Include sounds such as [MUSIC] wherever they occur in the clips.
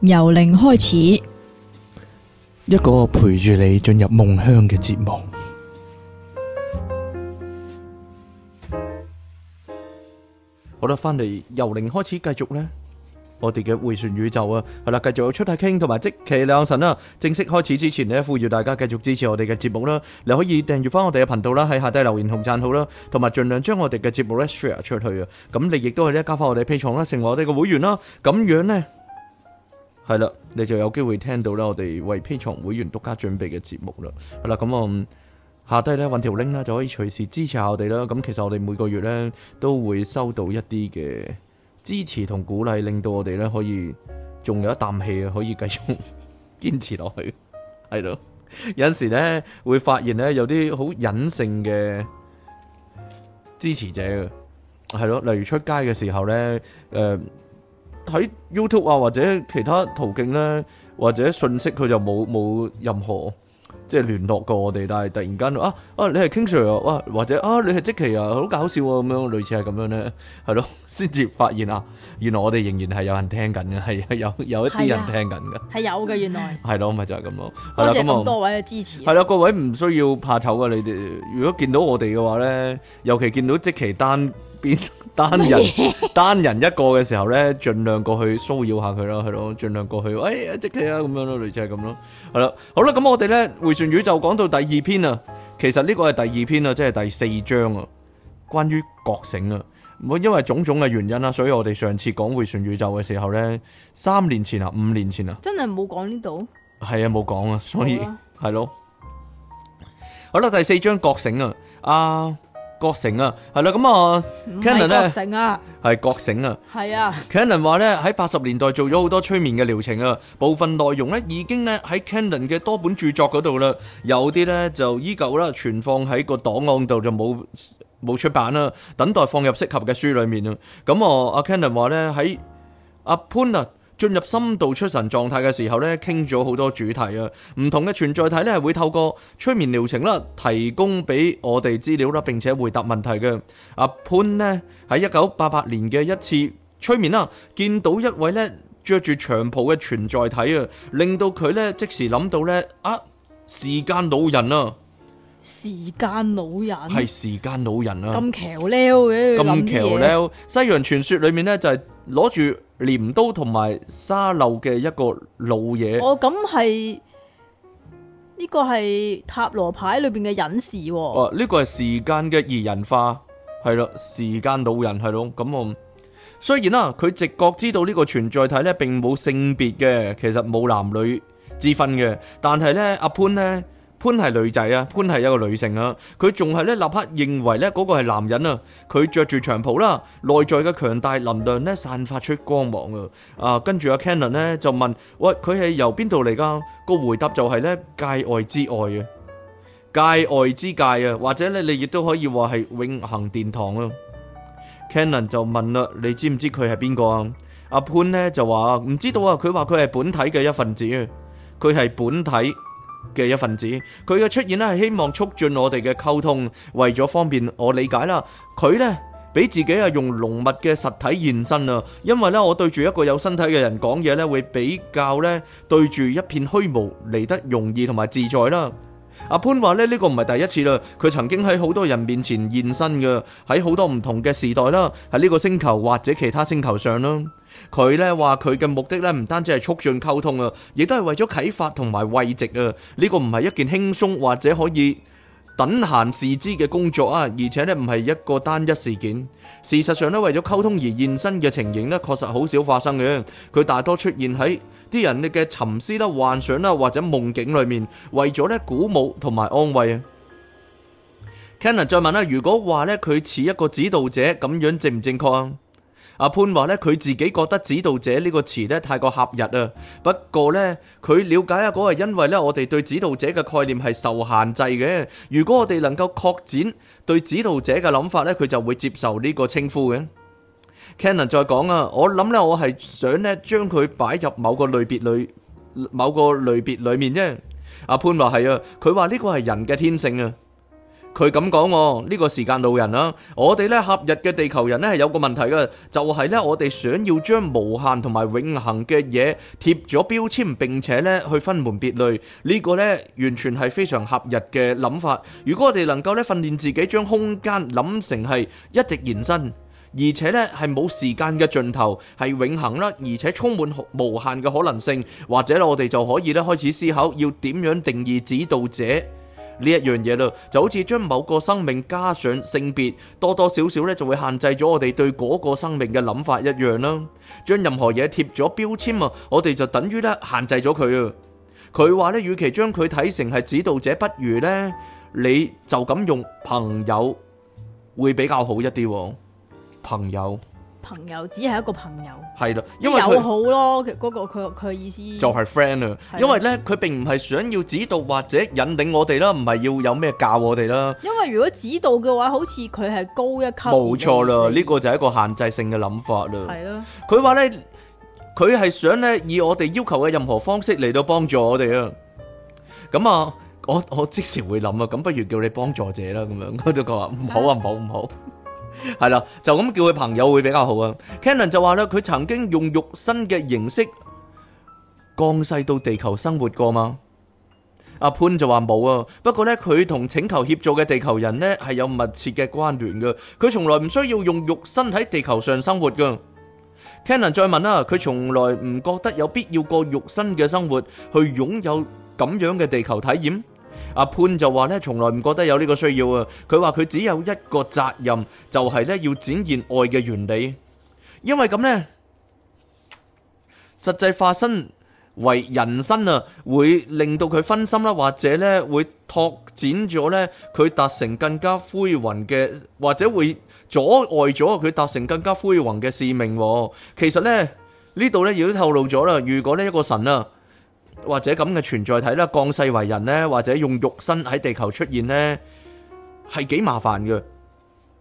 由零開始，一個陪住你進入夢鄉嘅節目。好啦，翻嚟由零開始繼續咧，我哋嘅回旋宇宙啊，係啦，繼續出嚟傾，同埋即席兩神啦。正式開始之前咧，呼籲大家繼續支持我哋嘅節目啦。你可以訂閱翻我哋嘅頻道啦，喺下低留言同讚好啦，同埋盡量將我哋嘅節目 share 出去啊。咁你亦都可以加翻我哋 Patreon 啦，成為我哋嘅會員啦。咁樣咧。係啦，你就有機會聽到咧，我哋為 Patreon 會員獨家準備嘅節目啦。係啦，咁、嗯、我下低咧揾條 link 啦，就可以隨時支持下我哋啦。咁其實我哋每個月咧都會收到一啲嘅支持同鼓勵，令到我哋咧可以仲有一啖氣，可以繼續堅持落去。係咯，有陣時咧會發現咧有啲好隱性嘅支持者嘅，係咯，例如出街嘅時候咧，誒、呃。睇 YouTube 啊，或者其他途徑咧，或者信息佢就冇冇任何即係聯絡過我哋，但係突然間啊啊你係 King Sir 啊，哇、啊、或者啊你係即奇啊，好、啊、搞笑啊咁樣，類似係咁樣咧，係咯，先至發現啊，原來我哋仍然係有人聽緊嘅，係有有一啲人聽緊嘅，係有嘅原來是的，係咯咪就係咁咯，多謝咁多位嘅支持，係啦，各位唔需要怕醜嘅，你哋如果見到我哋嘅話咧，尤其見到即奇單邊。單人單人一個嘅時候咧，盡量過去騷擾下佢咯，係咯，盡量過去，哎，即刻啊，咁樣咯，類似係咁咯，係啦，好啦，咁我哋咧回旋宇宙講到第二篇啊，其實呢個係第二篇啊，即係第四章啊，關於覺醒啊，我因為種種嘅原因啦，所以我哋上次講回旋宇宙嘅時候咧，三年前啊，五年前啊，真係冇講呢度？係啊，冇講啊，所以係咯，好啦，第四章覺醒啊，啊。覺醒啊，係啦，咁啊，Kennan 咧，啊，係覺、啊、醒啊，係啊，Kennan 話咧喺八十年代做咗好多催眠嘅療程啊，部分內容咧已經咧喺 Kennan 嘅多本著作嗰度啦，有啲咧就依舊啦存放喺個檔案度就冇冇出版啦，等待放入適合嘅書裏面那啊，咁啊阿 Kennan 話咧喺阿潘啊。進入深度出神狀態嘅時候咧，傾咗好多主題啊！唔同嘅存在體咧，係會透過催眠療程啦，提供俾我哋資料啦，並且回答問題嘅。阿潘呢，喺一九八八年嘅一次催眠啊，見到一位咧着住長袍嘅存在體啊，令到佢咧即時諗到咧啊，時間老人啊，時間老人係時間老人啊，咁橋嘞嘅，咁橋嘞，西洋傳說裏面咧就係攞住。鐮刀同埋沙漏嘅一個老嘢，哦，咁係呢個係塔羅牌裏邊嘅隱士，哦，呢個係時間嘅擬人化，係啦，時間老人係咯，咁我雖然啦，佢直覺知道呢個存在體咧並冇性別嘅，其實冇男女之分嘅，但係咧阿潘咧。潘係女仔啊，潘係一個女性啊，佢仲係咧，立刻認為咧嗰個係男人啊，佢着住長袍啦，內在嘅強大能量咧散發出光芒啊！啊，跟住阿 Cannon 咧就問：喂，佢係由邊度嚟噶？個回答就係、是、咧界外之外啊，界外之界啊，或者咧你亦都可以話係永恒殿堂啊。Cannon 就問啦：你知唔知佢係邊個啊？阿潘咧就話唔知道啊，佢話佢係本體嘅一份子啊，佢係本體嘅一份子，佢嘅出現咧係希望促進我哋嘅溝通，為咗方便我理解啦。佢咧俾自己係用濃密嘅實體現身啊，因為咧我對住一個有身體嘅人講嘢咧，會比較咧對住一片虛無嚟得容易同埋自在啦。阿潘話咧，呢個唔係第一次啦，佢曾經喺好多人面前現身嘅，喺好多唔同嘅時代啦，喺呢個星球或者其他星球上啦。佢呢話佢嘅目的呢，唔單止係促進溝通啊，亦都係為咗啟發同埋慰藉啊。呢個唔係一件輕鬆或者可以等閒視之嘅工作啊，而且呢，唔係一個單一事件。事實上呢，為咗溝通而現身嘅情形呢，確實好少發生嘅。佢大多出現喺啲人哋嘅沉思啦、幻想啦或者夢境裏面，為咗咧鼓舞同埋安慰啊。Kennan 再問啦，如果話咧佢似一個指導者咁樣正唔正確啊？阿潘話咧佢自己覺得指導者呢個詞咧太過狹隘啊。不過咧佢了解啊嗰個，因為咧我哋對指導者嘅概念係受限制嘅。如果我哋能夠擴展對指導者嘅諗法咧，佢就會接受呢個稱呼嘅。Canon 再講啊，我諗咧，我係想咧將佢擺入某個類別裏，某個類別裏面啫。阿潘話係啊，佢話呢個係人嘅天性啊。佢咁講哦，呢個時間路人啊，我哋咧合日嘅地球人咧係有個問題噶，就係咧我哋想要將無限同埋永恒嘅嘢貼咗標籤，並且咧去分門別類。呢個咧完全係非常合日嘅諗法。如果我哋能夠咧訓練自己，將空間諗成係一直延伸。而且咧，係冇時間嘅盡頭，係永恆啦。而且充滿無限嘅可能性，或者我哋就可以咧開始思考要點樣定義指導者呢一樣嘢啦。就好似將某個生命加上性別，多多少少咧就會限制咗我哋對嗰個生命嘅諗法一樣啦。將任何嘢貼咗標籤啊，我哋就等於咧限制咗佢啊。佢話咧，與其將佢睇成係指導者，不如呢，你就咁用朋友會比較好一啲。朋友，朋友只係一個朋友，係啦，因為友好咯。其實嗰個佢，佢意思就係 friend 啊。因為咧，佢並唔係想要指導或者引領我哋啦，唔係要有咩教我哋啦。因為如果指導嘅話，好似佢係高一級。冇錯啦，呢個就係一個限制性嘅諗法啦。係咯，佢話咧，佢係想咧以我哋要求嘅任何方式嚟到幫助我哋啊。咁啊，我我即時會諗啊，咁不如叫你幫助者啦，咁樣我都話唔好啊，唔好唔好。 [LAUGHS] 係啦，就咁叫佢朋友會比較好啊。Cannon 就話咧，佢曾經用肉身嘅形式降世到地球生活過嘛。阿潘就話冇啊，不過咧佢同請求協助嘅地球人咧係有密切嘅關聯噶，佢從來唔需要用肉身喺地球上生活噶。Cannon 再問啦，佢從來唔覺得有必要過肉身嘅生活去擁有咁樣嘅地球體驗。阿潘就話咧，從來唔覺得有呢個需要啊。佢話佢只有一個責任，就係咧要展現愛嘅原理。因為咁呢，實際化身為人身啊，會令到佢分心啦，或者咧會拓展咗咧佢達成更加輝煌嘅，或者會阻礙咗佢達成更加輝煌嘅使命。其實呢，呢度咧亦都透露咗啦，如果呢一個神啊。或者咁嘅存在體啦，降世為人咧，或者用肉身喺地球出現咧，係幾麻煩嘅。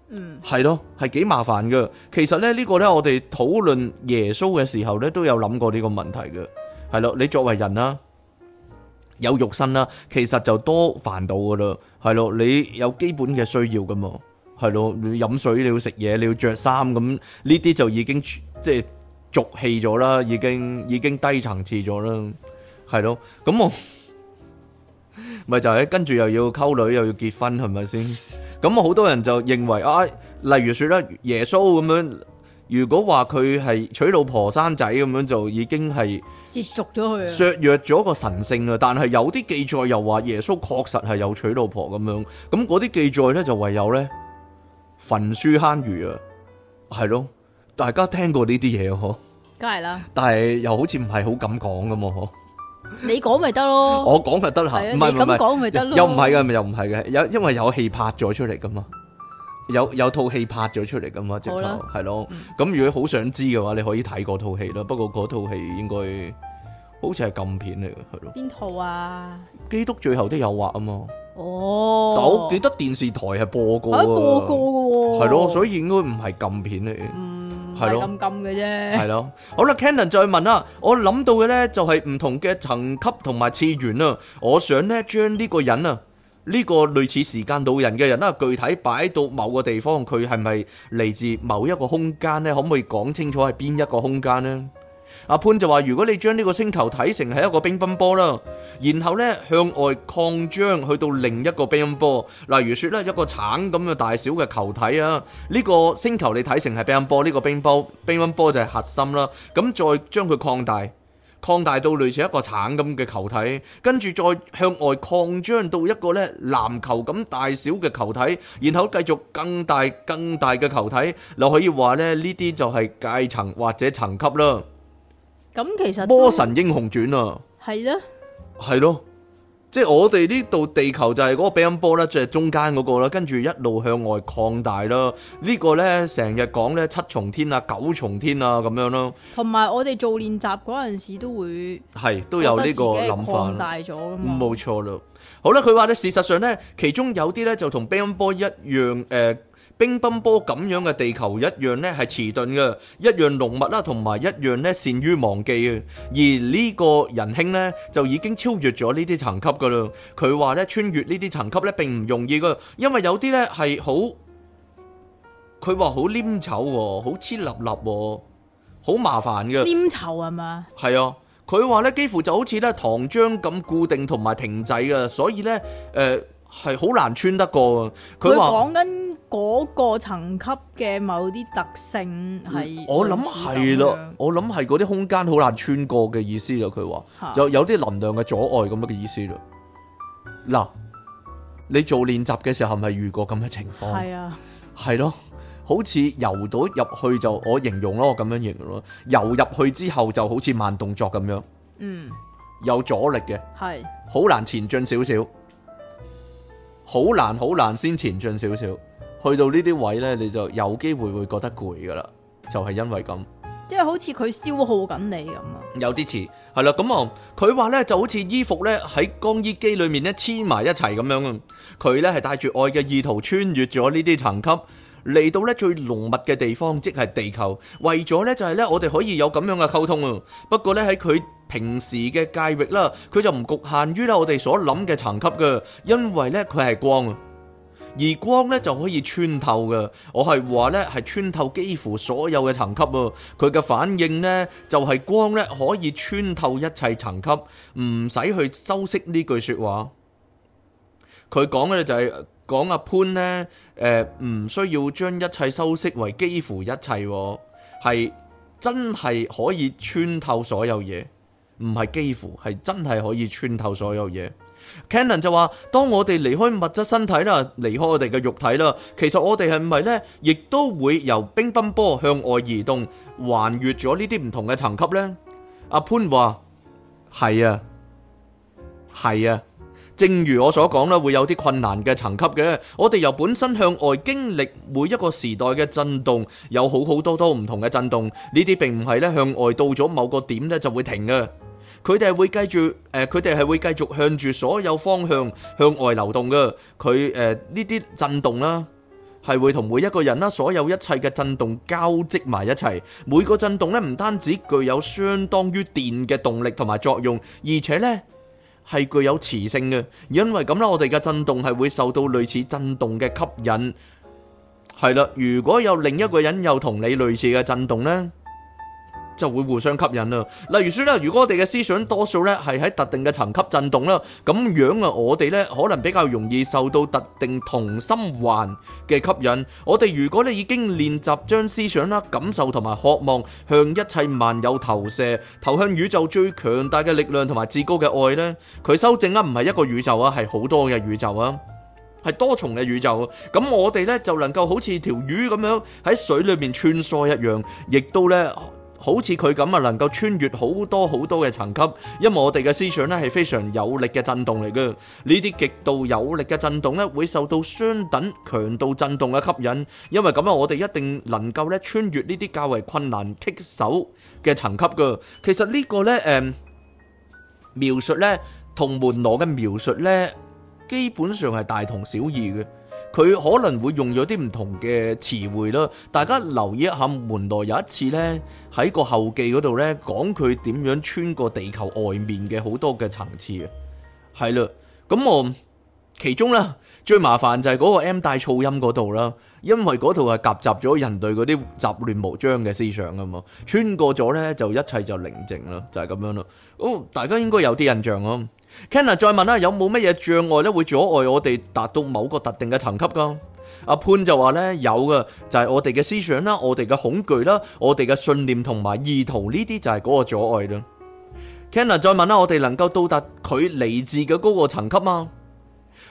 嗯，係咯，係幾麻煩嘅。其實咧，呢個咧，我哋討論耶穌嘅時候咧，都有諗過呢個問題嘅。係咯，你作為人啦，有肉身啦，其實就多煩惱噶啦。係咯，你有基本嘅需要噶嘛？係咯，你飲水，你要食嘢，你要着衫，咁，呢啲就已經即係俗氣咗啦，已經已經低層次咗啦。係咯，咁我咪就係跟住又要溝女又要結婚，係咪先？咁我好多人就認為啊，例如說呢，耶穌咁樣，如果話佢係娶老婆生仔咁樣，就已經係褻瀆咗佢，削弱咗個神聖啦！但係有啲記載又話耶穌確實係有娶老婆咁樣，咁嗰啲記載咧就唯有咧焚書坑儒啊！係咯，大家聽過呢啲嘢嗬？梗係啦，但係又好似唔係好敢講噶嘛？你講咪得咯，我講咪得啦，唔係咁講咪得咯，又唔係嘅咪又唔係嘅，有因為有戲拍咗出嚟噶嘛，有有套戲拍咗出嚟噶嘛，直頭係咯，咁、嗯、如果好想知嘅話，你可以睇嗰套戲啦，不過嗰套戲應該好似係禁片嚟嘅，係咯。邊套啊？基督最後的誘惑啊嘛，哦，但我記得電視台係播過啊、哎，播過嘅，哦，係咯，所以應該唔係禁片嚟。嗯係咯，係咯，好啦，Cannon 再問啦，我諗到嘅咧就係唔同嘅層級同埋次元啊，我想咧將呢個人啊，呢個類似時間老人嘅人啦，具體擺到某個地方，佢係咪嚟自某一個空間咧？可唔可以講清楚係邊一個空間咧？阿潘就話：如果你將呢個星球睇成係一個乒乓波啦，然後呢向外擴張去到另一個乒乓波，例如說咧一個橙咁嘅大小嘅球體啊，呢個星球你睇成係乒乓波，呢個乒乓乒乓波就係核心啦，咁再將佢擴大，擴大到類似一個橙咁嘅球體，跟住再向外擴張到一個呢籃球咁大小嘅球體，然後繼續更大更大嘅球體，你可以話呢呢啲就係界層或者層級啦。咁其實《魔神英雄傳》啊，係啊，係咯，即係我哋呢度地球就係嗰個乒乓波咧，即係中間嗰個啦，跟住一路向外擴大啦。呢個咧成日講咧七重天啊、九重天啊咁樣咯。同埋我哋做練習嗰陣時都會係都有呢個諗法，大咗，冇錯啦。好啦，佢話咧，事實上咧，其中有啲咧就同乒乓波一樣誒。呃冰乓波咁樣嘅地球一樣呢係遲鈍嘅，一樣濃密啦，同埋一樣呢善於忘記嘅。而呢個仁兄呢，就已經超越咗呢啲層級噶啦。佢話呢，穿越呢啲層級呢並唔容易噶，因為有啲呢係好，佢話好黏稠喎，好黐立立喎，好麻煩嘅。黏稠吖嘛？係啊，佢話呢幾乎就好似呢糖漿咁固定同埋停滯㗎。所以呢。誒、呃。係好難穿得過，佢話講緊嗰個層級嘅某啲特性係。我諗係咯，我諗係嗰啲空間好難穿過嘅意思咯。佢話有有啲能量嘅阻礙咁樣嘅意思咯。嗱，你做練習嘅時候，係咪遇過咁嘅情況？係啊，係咯，好似游到入去就我形容咯，我咁樣形容咯，游入去之後就好似慢動作咁樣。嗯，有阻力嘅，係好難前進少少。好難好難先前進少少，去到呢啲位呢，你就有機會會覺得攰噶啦，就係因為咁，即係好似佢消耗緊你咁啊，有啲似係啦。咁啊佢話呢就好似衣服呢喺乾衣機裏面呢黐埋一齊咁樣啊，佢呢係帶住愛嘅意圖穿越咗呢啲層級嚟到呢最濃密嘅地方，即係地球，為咗呢，就係呢，我哋可以有咁樣嘅溝通啊。不過呢，喺佢。平時嘅界域啦，佢就唔局限於啦我哋所諗嘅層級嘅，因為呢，佢係光啊，而光呢就可以穿透嘅。我係話呢係穿透幾乎所有嘅層級喎，佢嘅反應呢，就係光呢可以穿透一切層級，唔使去修飾呢句説話。佢講嘅就係講阿潘呢，呃，唔需要將一切修飾為幾乎一切，係真係可以穿透所有嘢。唔係幾乎係真係可以穿透所有嘢。Canon 就話：當我哋離開物質身體啦，離開我哋嘅肉體啦，其實我哋係唔係呢，亦都會由乒乓波向外移動，橫越咗呢啲唔同嘅層級呢？啊」阿潘話：係啊，係啊，正如我所講啦，會有啲困難嘅層級嘅。我哋由本身向外經歷每一個時代嘅震動，有好好多多唔同嘅震動，呢啲並唔係呢向外到咗某個點呢就會停嘅。」佢哋係會繼續，誒，佢哋係會繼續向住所有方向向外流動嘅。佢，誒，呢啲震動啦，係會同每一個人啦，所有一切嘅震動交織埋一齊。每個震動咧，唔單止具有相當於電嘅動力同埋作用，而且咧係具有磁性嘅。因為咁啦，我哋嘅震動係會受到類似震動嘅吸引。係啦，如果有另一個人又同你類似嘅震動呢，就會互相吸引啦。例如說咧，如果我哋嘅思想多數咧係喺特定嘅層級震動啦，咁樣啊，我哋咧可能比較容易受到特定同心環嘅吸引。我哋如果你已經練習將思想啦、感受同埋渴望向一切萬有投射、投向宇宙最強大嘅力量同埋至高嘅愛呢，佢修正啊，唔係一個宇宙啊，係好多嘅宇宙啊，係多重嘅宇宙。咁我哋咧就能夠好似條魚咁樣喺水裏面穿梭一樣，亦都咧。好似佢咁啊，能夠穿越好多好多嘅層級，因為我哋嘅思想呢係非常有力嘅震動嚟嘅，呢啲極度有力嘅震動呢，會受到相等強度震動嘅吸引，因為咁啊，我哋一定能夠穿越呢啲較為困難棘手嘅層級嘅。其實呢個呢，誒、嗯，描述呢同門羅嘅描述呢，基本上係大同小異嘅。佢可能會用咗啲唔同嘅詞彙囉。大家留意一下。門內有一次呢，喺個後記嗰度呢，講佢點樣穿過地球外面嘅好多嘅層次啊，係啦。咁我其中啦最麻煩就係嗰個 M 帶噪音嗰度啦，因為嗰度係夾雜咗人類嗰啲雜亂無章嘅思想啊嘛。穿過咗呢，就一切就寧靜啦，就係咁樣啦。哦，大家應該有啲印象啊。Kenna 再問啦，有冇乜嘢障礙咧會阻礙我哋達到某個特定嘅層級噶？阿潘就話咧有噶，就係、是、我哋嘅思想啦、我哋嘅恐懼啦、我哋嘅信念同埋意圖呢啲就係嗰個阻礙啦。Kenna 再問啦，我哋能夠到達佢嚟自嘅嗰個層級嗎？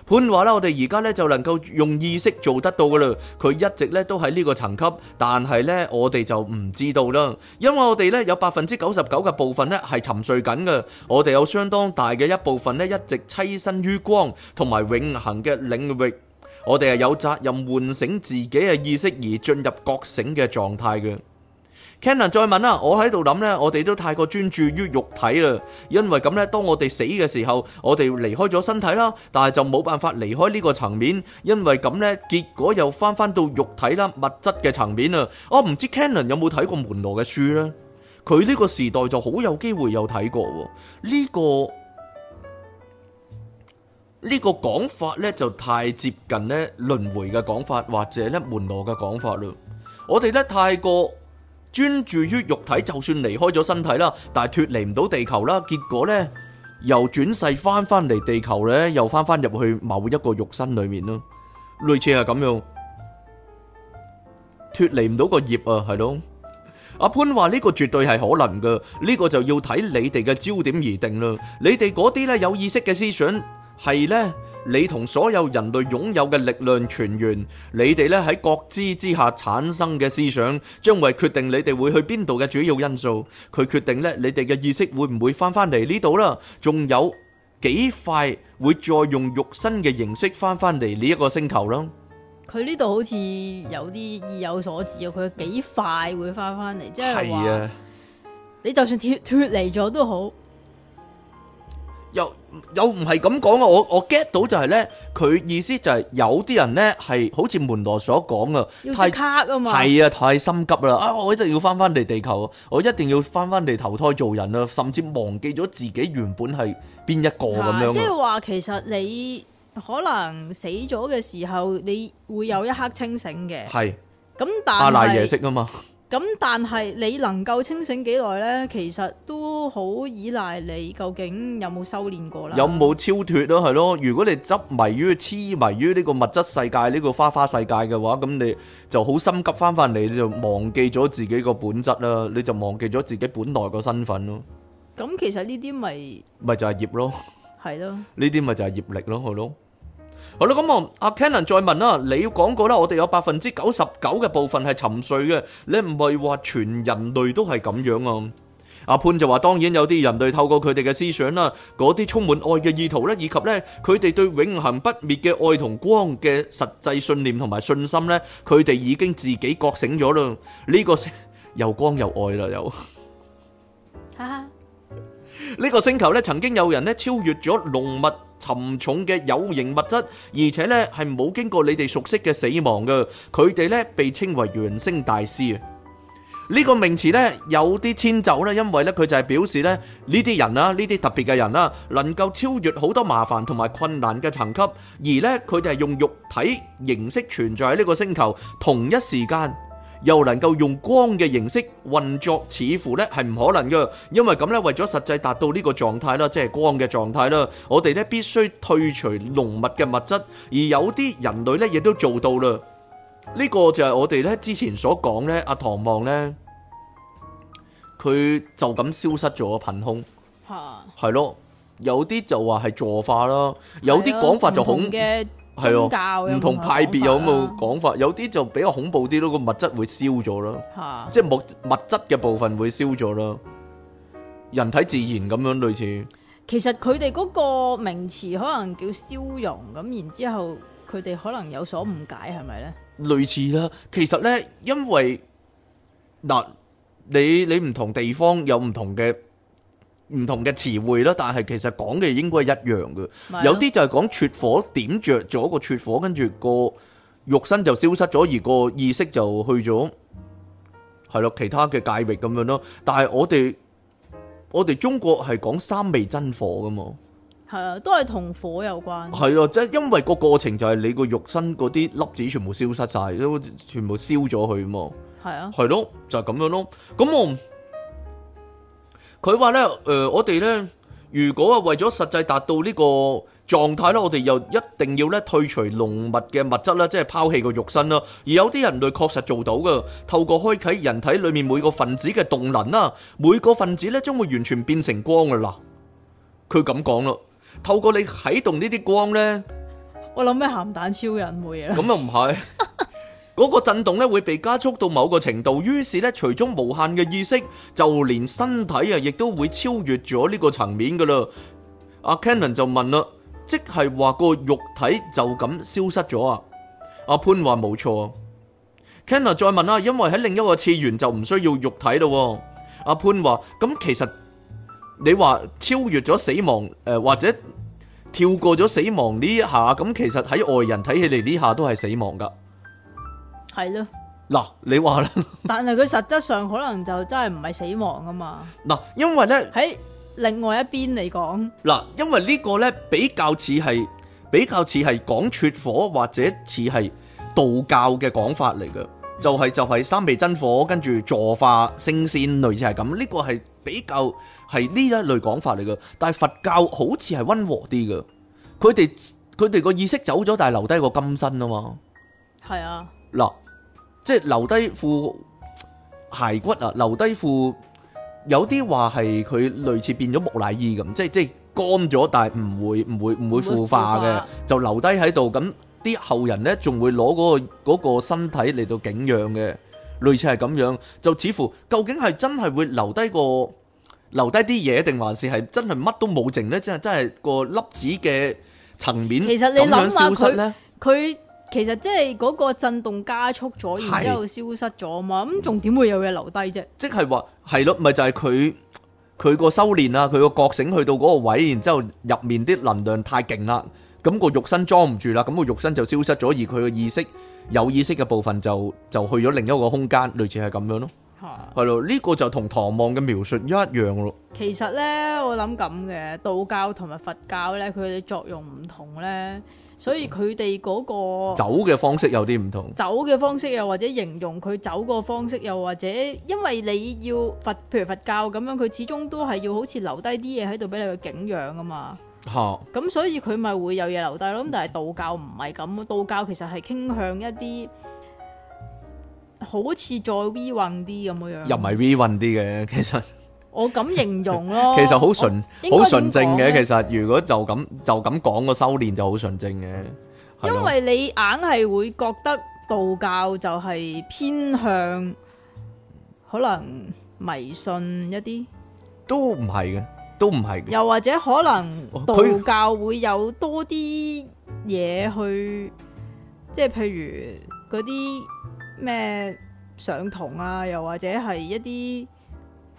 判話啦，我哋而家咧就能夠用意識做得到㗎啦，佢一直咧都喺呢個層級，但係咧我哋就唔知道啦，因為我哋咧有百分之九十九嘅部分咧係沉睡緊嘅，我哋有相當大嘅一部分咧一直棲身於光同埋永恆嘅領域，我哋係有責任喚醒自己嘅意識而進入覺醒嘅狀態嘅。Canon 再問啦，我喺度諗咧，我哋都太過專注於肉體啦，因為咁咧，當我哋死嘅時候，我哋離開咗身體啦，但係就冇辦法離開呢個層面，因為咁咧，結果又返返到肉體啦，物質嘅層面啊。我唔知 Canon 有冇睇過門羅嘅書咧？佢呢個時代就好有機會有睇過喎。呢個呢個講法咧就太接近咧輪迴嘅講法，或者咧門羅嘅講法咯。我哋咧太過，專注於肉體，就算離開咗身體啦，但係脫離唔到地球啦。結果呢，又轉世翻翻嚟地球呢，又翻翻入去某一個肉身裏面咯，類似係咁樣，脫離唔到個業啊，係咯。阿潘話呢個絕對係可能㗎，呢個就要睇你哋嘅焦點而定啦。你哋嗰啲呢有意識嘅思想係呢。你同所有人類擁有嘅力量全源。你哋咧喺覺知之下產生嘅思想，將為決定你哋會去邊度嘅主要因素。佢決定咧，你哋嘅意識會唔會翻翻嚟呢度啦？仲有幾快會再用肉身嘅形式翻翻嚟呢一個星球啦？佢呢度好似有啲意有所指啊！佢幾快會翻翻嚟？即係話你就算脫脫離咗都好，又。又唔係咁講啊！我我 get 到就係、是、呢，佢意思就係、是、有啲人呢，係好似門羅所講啊，太卡啊嘛，係啊，太心急啦啊！我一定要翻翻嚟地球，我一定要翻翻嚟投胎做人啊，甚至忘記咗自己原本係邊一個咁樣。即係話其實你可能死咗嘅時候，你會有一刻清醒嘅。係咁，但係。阿賴耶識咁但係你能夠清醒幾耐呢？其實都好依賴你究竟有冇修煉過啦。有冇超脫咯？係咯。如果你執迷於、痴迷於呢個物質世界、呢個花花世界嘅話，咁你就好心急翻翻嚟，你就忘記咗自己個本質啦，你就忘記咗自己本來個身份咯。咁其實呢啲咪咪就係業咯，係咯。呢啲咪就係業力咯，係咯。好啦，咁啊，阿 Ken n 再問啦，你要講過啦，我哋有百分之九十九嘅部分係沉睡嘅，你唔係話全人類都係咁樣啊？阿、啊、潘就話：當然有啲人類透過佢哋嘅思想啦，嗰啲充滿愛嘅意圖咧，以及咧佢哋對永恒不滅嘅愛同光嘅實際信念同埋信心咧，佢哋已經自己覺醒咗啦。呢、這個星又光又愛啦，又， [LAUGHS] 呢個星球咧曾經有人咧超越咗濃密。沉重嘅有形物質，而且咧係冇經過你哋熟悉嘅死亡嘅，佢哋咧被稱為揚升大師啊。呢、這個名詞咧有啲遷就啦，因為咧佢就係表示咧呢啲人啊，呢啲特別嘅人啊，能夠超越好多麻煩同埋困難嘅層級，而咧佢哋係用肉體形式存在喺呢個星球同一時間，又能夠用光嘅形式運作，似乎咧係唔可能嘅，因為咁咧為咗實際達到呢個狀態啦，即係光嘅狀態啦，我哋咧必須退除濃密嘅物質，而有啲人類咧亦都做到啦。呢個就係我哋咧之前所講咧，阿唐望咧，佢就咁消失咗憑空，係咯，有啲就話係坐化啦，有啲講法就好。係咯，唔同派別有咁個講法，有啲就比較恐怖啲咯，個物質會燒咗咯，即係物物質嘅部分會燒咗咯，人體自燃咁樣類似。其實佢哋嗰個名詞可能叫消融咁，然之後佢哋可能有所誤解係咪咧？類似啦，其實咧，因為嗱，你你唔同地方有唔同嘅。唔同嘅詞彙咯，但係其實講嘅應該係一樣嘅。有啲就係講燭火點着咗個燭火，跟住個肉身就消失咗，而個意識就去咗，係咯，其他嘅界域咁樣咯。但係我哋我哋中國係講三昧真火㗎嘛，係啊，都係同火有關。係啊，即係因為個過程就係你個肉身嗰啲粒子全部消失晒，都全部燒咗佢嘛。係啊，係咯，就係、是、咁樣咯。咁我。佢話咧，誒、呃，我哋咧，如果啊為咗實際達到呢個狀態咧，我哋又一定要咧退除濃密嘅物質啦，即係拋棄個肉身啦。而有啲人類確實做到㗎，透過開啟人體裏面每個分子嘅動能啦，每個分子咧將會完全變成光啦。嗱，佢咁講喇，透過你喺動呢啲光咧，我諗咩鹹蛋超人冇嘢啦。咁又唔係。嗰個震動咧會被加速到某個程度，於是咧隨中無限嘅意識，就連身體啊，亦都會超越咗呢個層面㗎啦。阿 Kenon 就問啦，即係話個肉體就咁消失咗啊？阿潘話冇錯。Kenon 再問啦，因為喺另一個次元就唔需要肉體咯。阿潘話：咁其實你話超越咗死亡、呃，或者跳過咗死亡呢一下，咁其實喺外人睇起嚟呢下都係死亡㗎。係咯，嗱你話啦，但係佢實質上可能就真係唔係死亡噶嘛，嗱因為咧喺另外一邊嚟講，嗱因為呢個咧比較似係比較似係講撮火或者似係道教嘅講法嚟嘅，就係就係三昧真火跟住坐化升仙類似係咁，呢個係比較係呢一類講法嚟嘅，但係佛教好似係溫和啲嘅，佢哋佢哋個意識走咗，但係留低個金身啊嘛，係啊，嗱。即係留低副骸骨啊，留低副有啲話係佢類似變咗木乃伊咁，即係即係乾咗，但係唔會唔會唔會腐化嘅，就留低喺度。咁啲後人咧仲會攞嗰個嗰個身體嚟到景仰嘅，類似係咁樣。就似乎究竟係真係會留低個留低啲嘢，定還是係真係乜都冇剩咧？即係真係個粒子嘅層面咁樣消失咧？佢其實即係嗰個震動加速咗，然之後消失咗嘛，咁仲點會有嘢留低啫？即係話係咯，咪就係佢佢個修煉啦，佢個覺醒去到嗰個位，然之後入面啲能量太勁啦，咁個肉身裝唔住啦，咁個肉身就消失咗，而佢嘅意識有意識嘅部分就就去咗另一個空間，類似係咁樣咯。係係咯，呢個就同唐望嘅描述一樣咯。其實呢，我諗咁嘅，道教同埋佛教呢，佢哋作用唔同呢。所以佢哋嗰個走嘅方式有啲唔同，走嘅方式又或者形容佢走個方式又或者，因為你要佛譬如佛教咁樣，佢始終都係要好似留低啲嘢喺度俾你去景仰啊嘛。嚇！咁所以佢咪會有嘢留低咯。咁但係道教唔係咁啊，道教其實係傾向一啲好似再 v 運啲咁樣樣，又唔係 v 啲嘅其實。我咁形容咯，其實好純，好純正嘅。其實如果就咁就咁講個修煉就好純正嘅。因為你硬係會覺得道教就係偏向可能迷信一啲，都唔係嘅，都唔係嘅。又或者可能道教會有多啲嘢去，即係譬如嗰啲咩上童啊，又或者係一啲。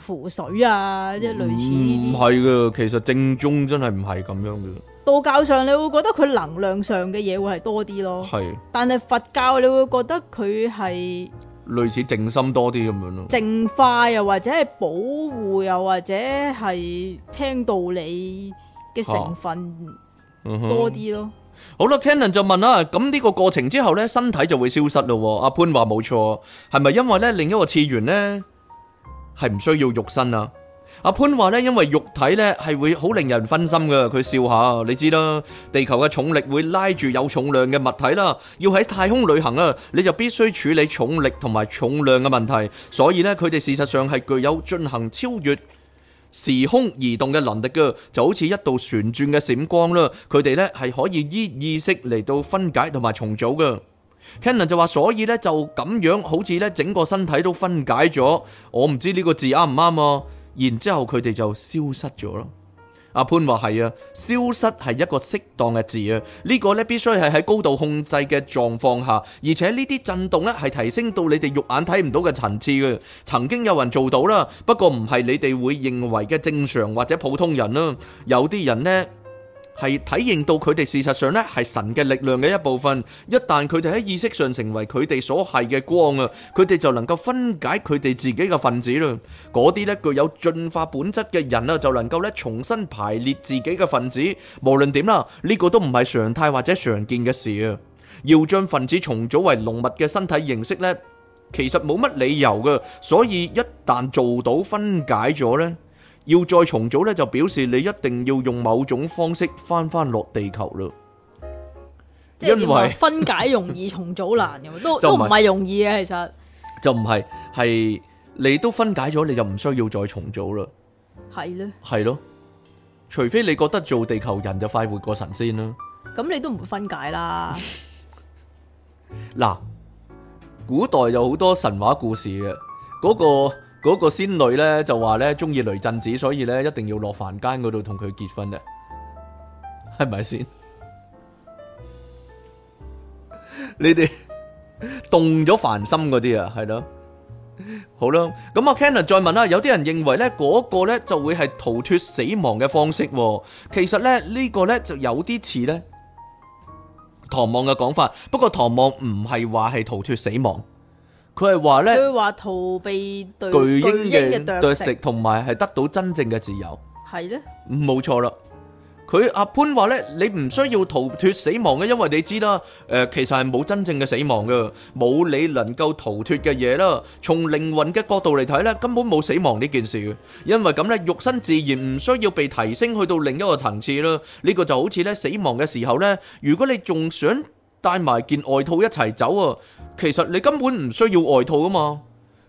符水啊，即係類似呢啲。唔係嘅，其實正宗真係唔係咁樣嘅。道教上你會覺得佢能量上嘅嘢會係多啲咯。係。但係佛教你會覺得佢係類似靜心多啲咁樣咯。淨化又或者係保護又或者係聽道理嘅成分、啊嗯、多啲咯。好啦 Cannon 就問啦，咁呢個過程之後咧，身體就會消失咯。阿、啊、潘話冇錯，係咪因為咧另一個次元咧？係唔需要肉身啊！阿、啊、潘話呢，因為肉體呢係會好令人分心噶。佢笑下，你知啦。地球嘅重力會拉住有重量嘅物體啦。要喺太空旅行啊，你就必須處理重力同埋重量嘅問題。所以呢，佢哋事實上係具有進行超越時空移動嘅能力噶。就好似一道旋轉嘅閃光啦，佢哋呢係可以依意識嚟到分解同埋重組噶。Kenon 就話：所以咧就咁樣，好似咧整個身體都分解咗，我唔知呢個字啱唔啱啊。然之後佢哋就消失咗咯。阿潘話：係啊，消失係一個適當嘅字啊。呢個咧必須係喺高度控制嘅狀況下，而且呢啲震動咧係提升到你哋肉眼睇唔到嘅層次嘅。曾經有人做到啦，不過唔係你哋會認為嘅正常或者普通人啦。有啲人呢。係體認到佢哋事實上咧係神嘅力量嘅一部分，一旦佢哋喺意識上成為佢哋所係嘅光啊，佢哋就能夠分解佢哋自己嘅分子啦。嗰啲咧具有進化本質嘅人啊，就能夠咧重新排列自己嘅分子，無論點啦，呢個都唔係常態或者常見嘅事啊。要將分子重組為濃密嘅身體形式咧，其實冇乜理由噶。所以一旦做到分解咗咧，要再重組呢，就表示你一定要用某種方式翻翻落地球咯。即係話分解容易重組難嘅，都都唔係容易呀其實。就唔係，係你都分解咗，你就唔需要再重組啦。係咯，係咯。除非你覺得做地球人就快活過神仙啦。咁你都唔會分解啦。嗱，古代有好多神話故事嘅，嗰個。嗰個仙女咧就話咧中意雷震子，所以咧一定要落凡間嗰度同佢結婚咧，係咪先？你哋動咗凡心嗰啲啊，係咯，好啦。咁啊，Cannon 再問啦，有啲人認為咧嗰個咧就會係逃脫死亡嘅方式喎。其實咧呢個咧就有啲似咧唐望嘅講法，不過唐望唔係話係逃脫死亡。佢係話咧，佢話逃避巨鷹嘅掠食，同埋係得到真正嘅自由，係咧，冇錯啦。佢阿潘話咧，你唔需要逃脫死亡嘅，因為你知啦，誒，其實係冇真正嘅死亡嘅，冇你能夠逃脫嘅嘢啦。從靈魂嘅角度嚟睇咧，根本冇死亡呢件事嘅，因為咁咧，肉身自然唔需要被提升去到另一個層次啦。呢個就好似咧，死亡嘅時候咧，如果你仲想帶埋件外套一齊走啊！其實你根本唔需要外套啊嘛，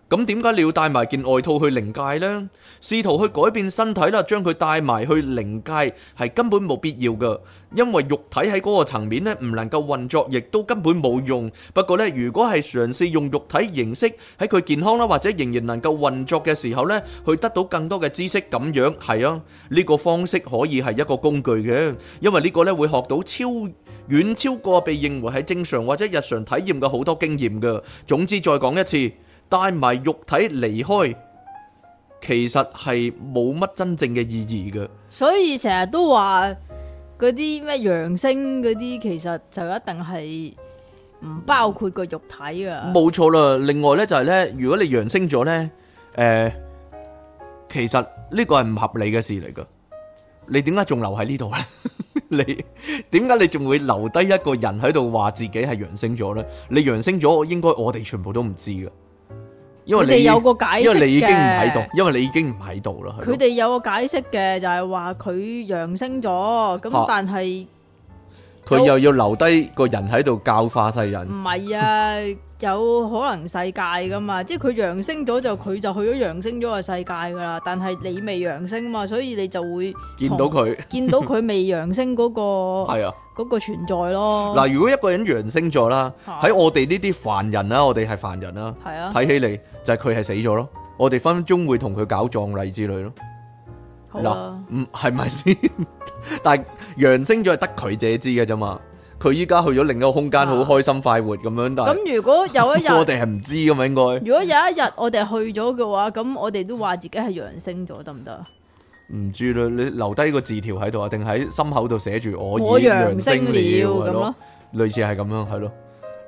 咁點解你要帶埋件外套去靈界呢？試圖去改變身體啦，將佢帶埋去靈界係根本冇必要噶，因為肉體喺嗰個層面呢唔能夠運作，亦都根本冇用。不過呢，如果係嘗試用肉體形式喺佢健康啦或者仍然能夠運作嘅時候呢，去得到更多嘅知識，咁樣係啊，呢個方式可以係一個工具嘅，因為呢個呢會學到超。遠超過被認為係正常或者日常體驗嘅好多經驗嘅。總之，再講一次，帶埋肉體離開，其實係冇乜真正嘅意義嘅。所以成日都話嗰啲咩揚升嗰啲，其實就一定係唔包括個肉體噶。冇錯啦。另外呢就係呢，如果你揚升咗呢，誒，其實呢個係唔合理嘅事嚟噶。你點解仲留喺呢度呢？你點解你仲會留低一個人喺度話自己係揚升咗咧？你揚升咗，應該我哋全部都唔知噶因為你有個解釋，因為你已經唔喺度，因為你已經唔喺度啦。佢哋有個解釋嘅，就係話佢揚升咗，咁但係。佢又要留低個人喺度教化世人。唔係啊，有可能世界噶嘛， [LAUGHS] 即係佢揚升咗就佢就去咗揚升咗個世界噶啦，但係你未揚升嘛，所以你就會見到佢，見到佢 [LAUGHS] 未揚升嗰個， [LAUGHS] 係啊，嗰個存在咯。嗱，如果一個人揚升咗啦，喺我哋呢啲凡人啦，我哋係凡人啦，係啊，睇起嚟就係佢係死咗咯，我哋分分鐘會同佢搞葬禮之類咯。嗱，唔係咪先？啊嗯、是是 [LAUGHS] 但係揚升咗係得佢自己知嘅啫嘛。佢依家去咗另一個空間，好、啊、開心快活咁樣。但係咁如果有一日我哋係唔知咁啊，應該如果有一日我哋去咗嘅話，咁我哋都話自己係揚升咗得唔得？唔知啦，你留低個字條喺度啊，定喺心口度寫住我已揚升了咁咯，了類似係咁樣，係咯。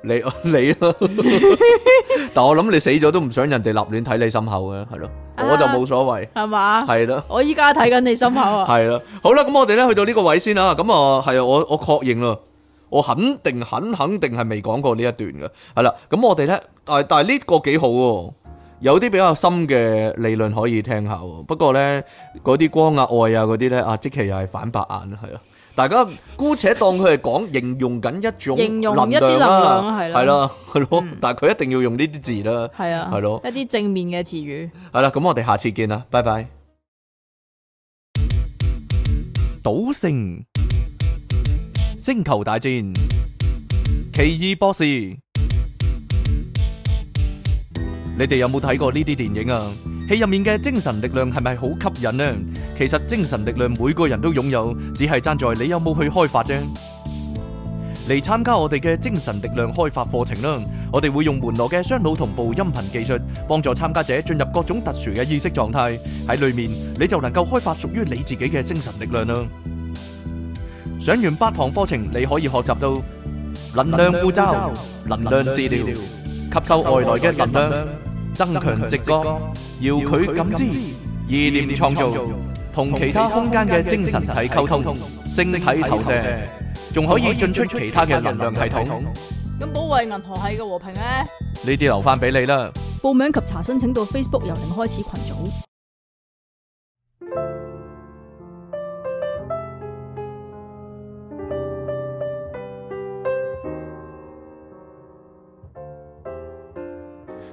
[LAUGHS] 你、啊、你咯、啊， [LAUGHS] 但我諗你死咗都唔想人哋立亂睇你心口嘅，係咯、啊？我就冇所謂，係嘛？係咯，我依家睇緊你心口啊！係啦，好啦，咁我哋咧去到呢個位先啦，咁啊係我我確認咯，我肯定肯肯定係未講過呢一段嘅，係啦。咁我哋咧，但係但係呢個幾好喎，有啲比較深嘅理論可以聽下喎。不過咧，嗰啲光啊、愛啊嗰啲咧啊，即其又係反白眼，係大家姑且當佢係講形容緊一種能量啦，係啦，係啦，係咯、嗯。但係佢一定要用呢啲字啦，係啊，係咯，一啲正面嘅詞語。係啦，咁我哋下次見啦，拜拜。賭聖、星球大戰、奇異博士，你哋有冇睇過呢啲電影啊？戲入面嘅精神力量係咪好吸引呢？其實精神力量每個人都擁有，只係爭在你有冇去開發啫。嚟參加我哋嘅精神力量開發課程啦！我哋會用門羅嘅雙腦同步音頻技術，幫助參加者進入各種特殊嘅意識狀態。喺裏面你就能夠開發屬於你自己嘅精神力量啦。上完八堂課程，你可以學習到能量護罩、能量治療、吸收外來嘅能量、增強直覺。要佢感知意念創造，同其他空間嘅精神體溝通，星體投射，仲可以進出其他嘅能量系統。咁保衛銀河系嘅和平咧？呢啲留翻俾你啦。報名及查詢請到 Facebook 由零開始群組。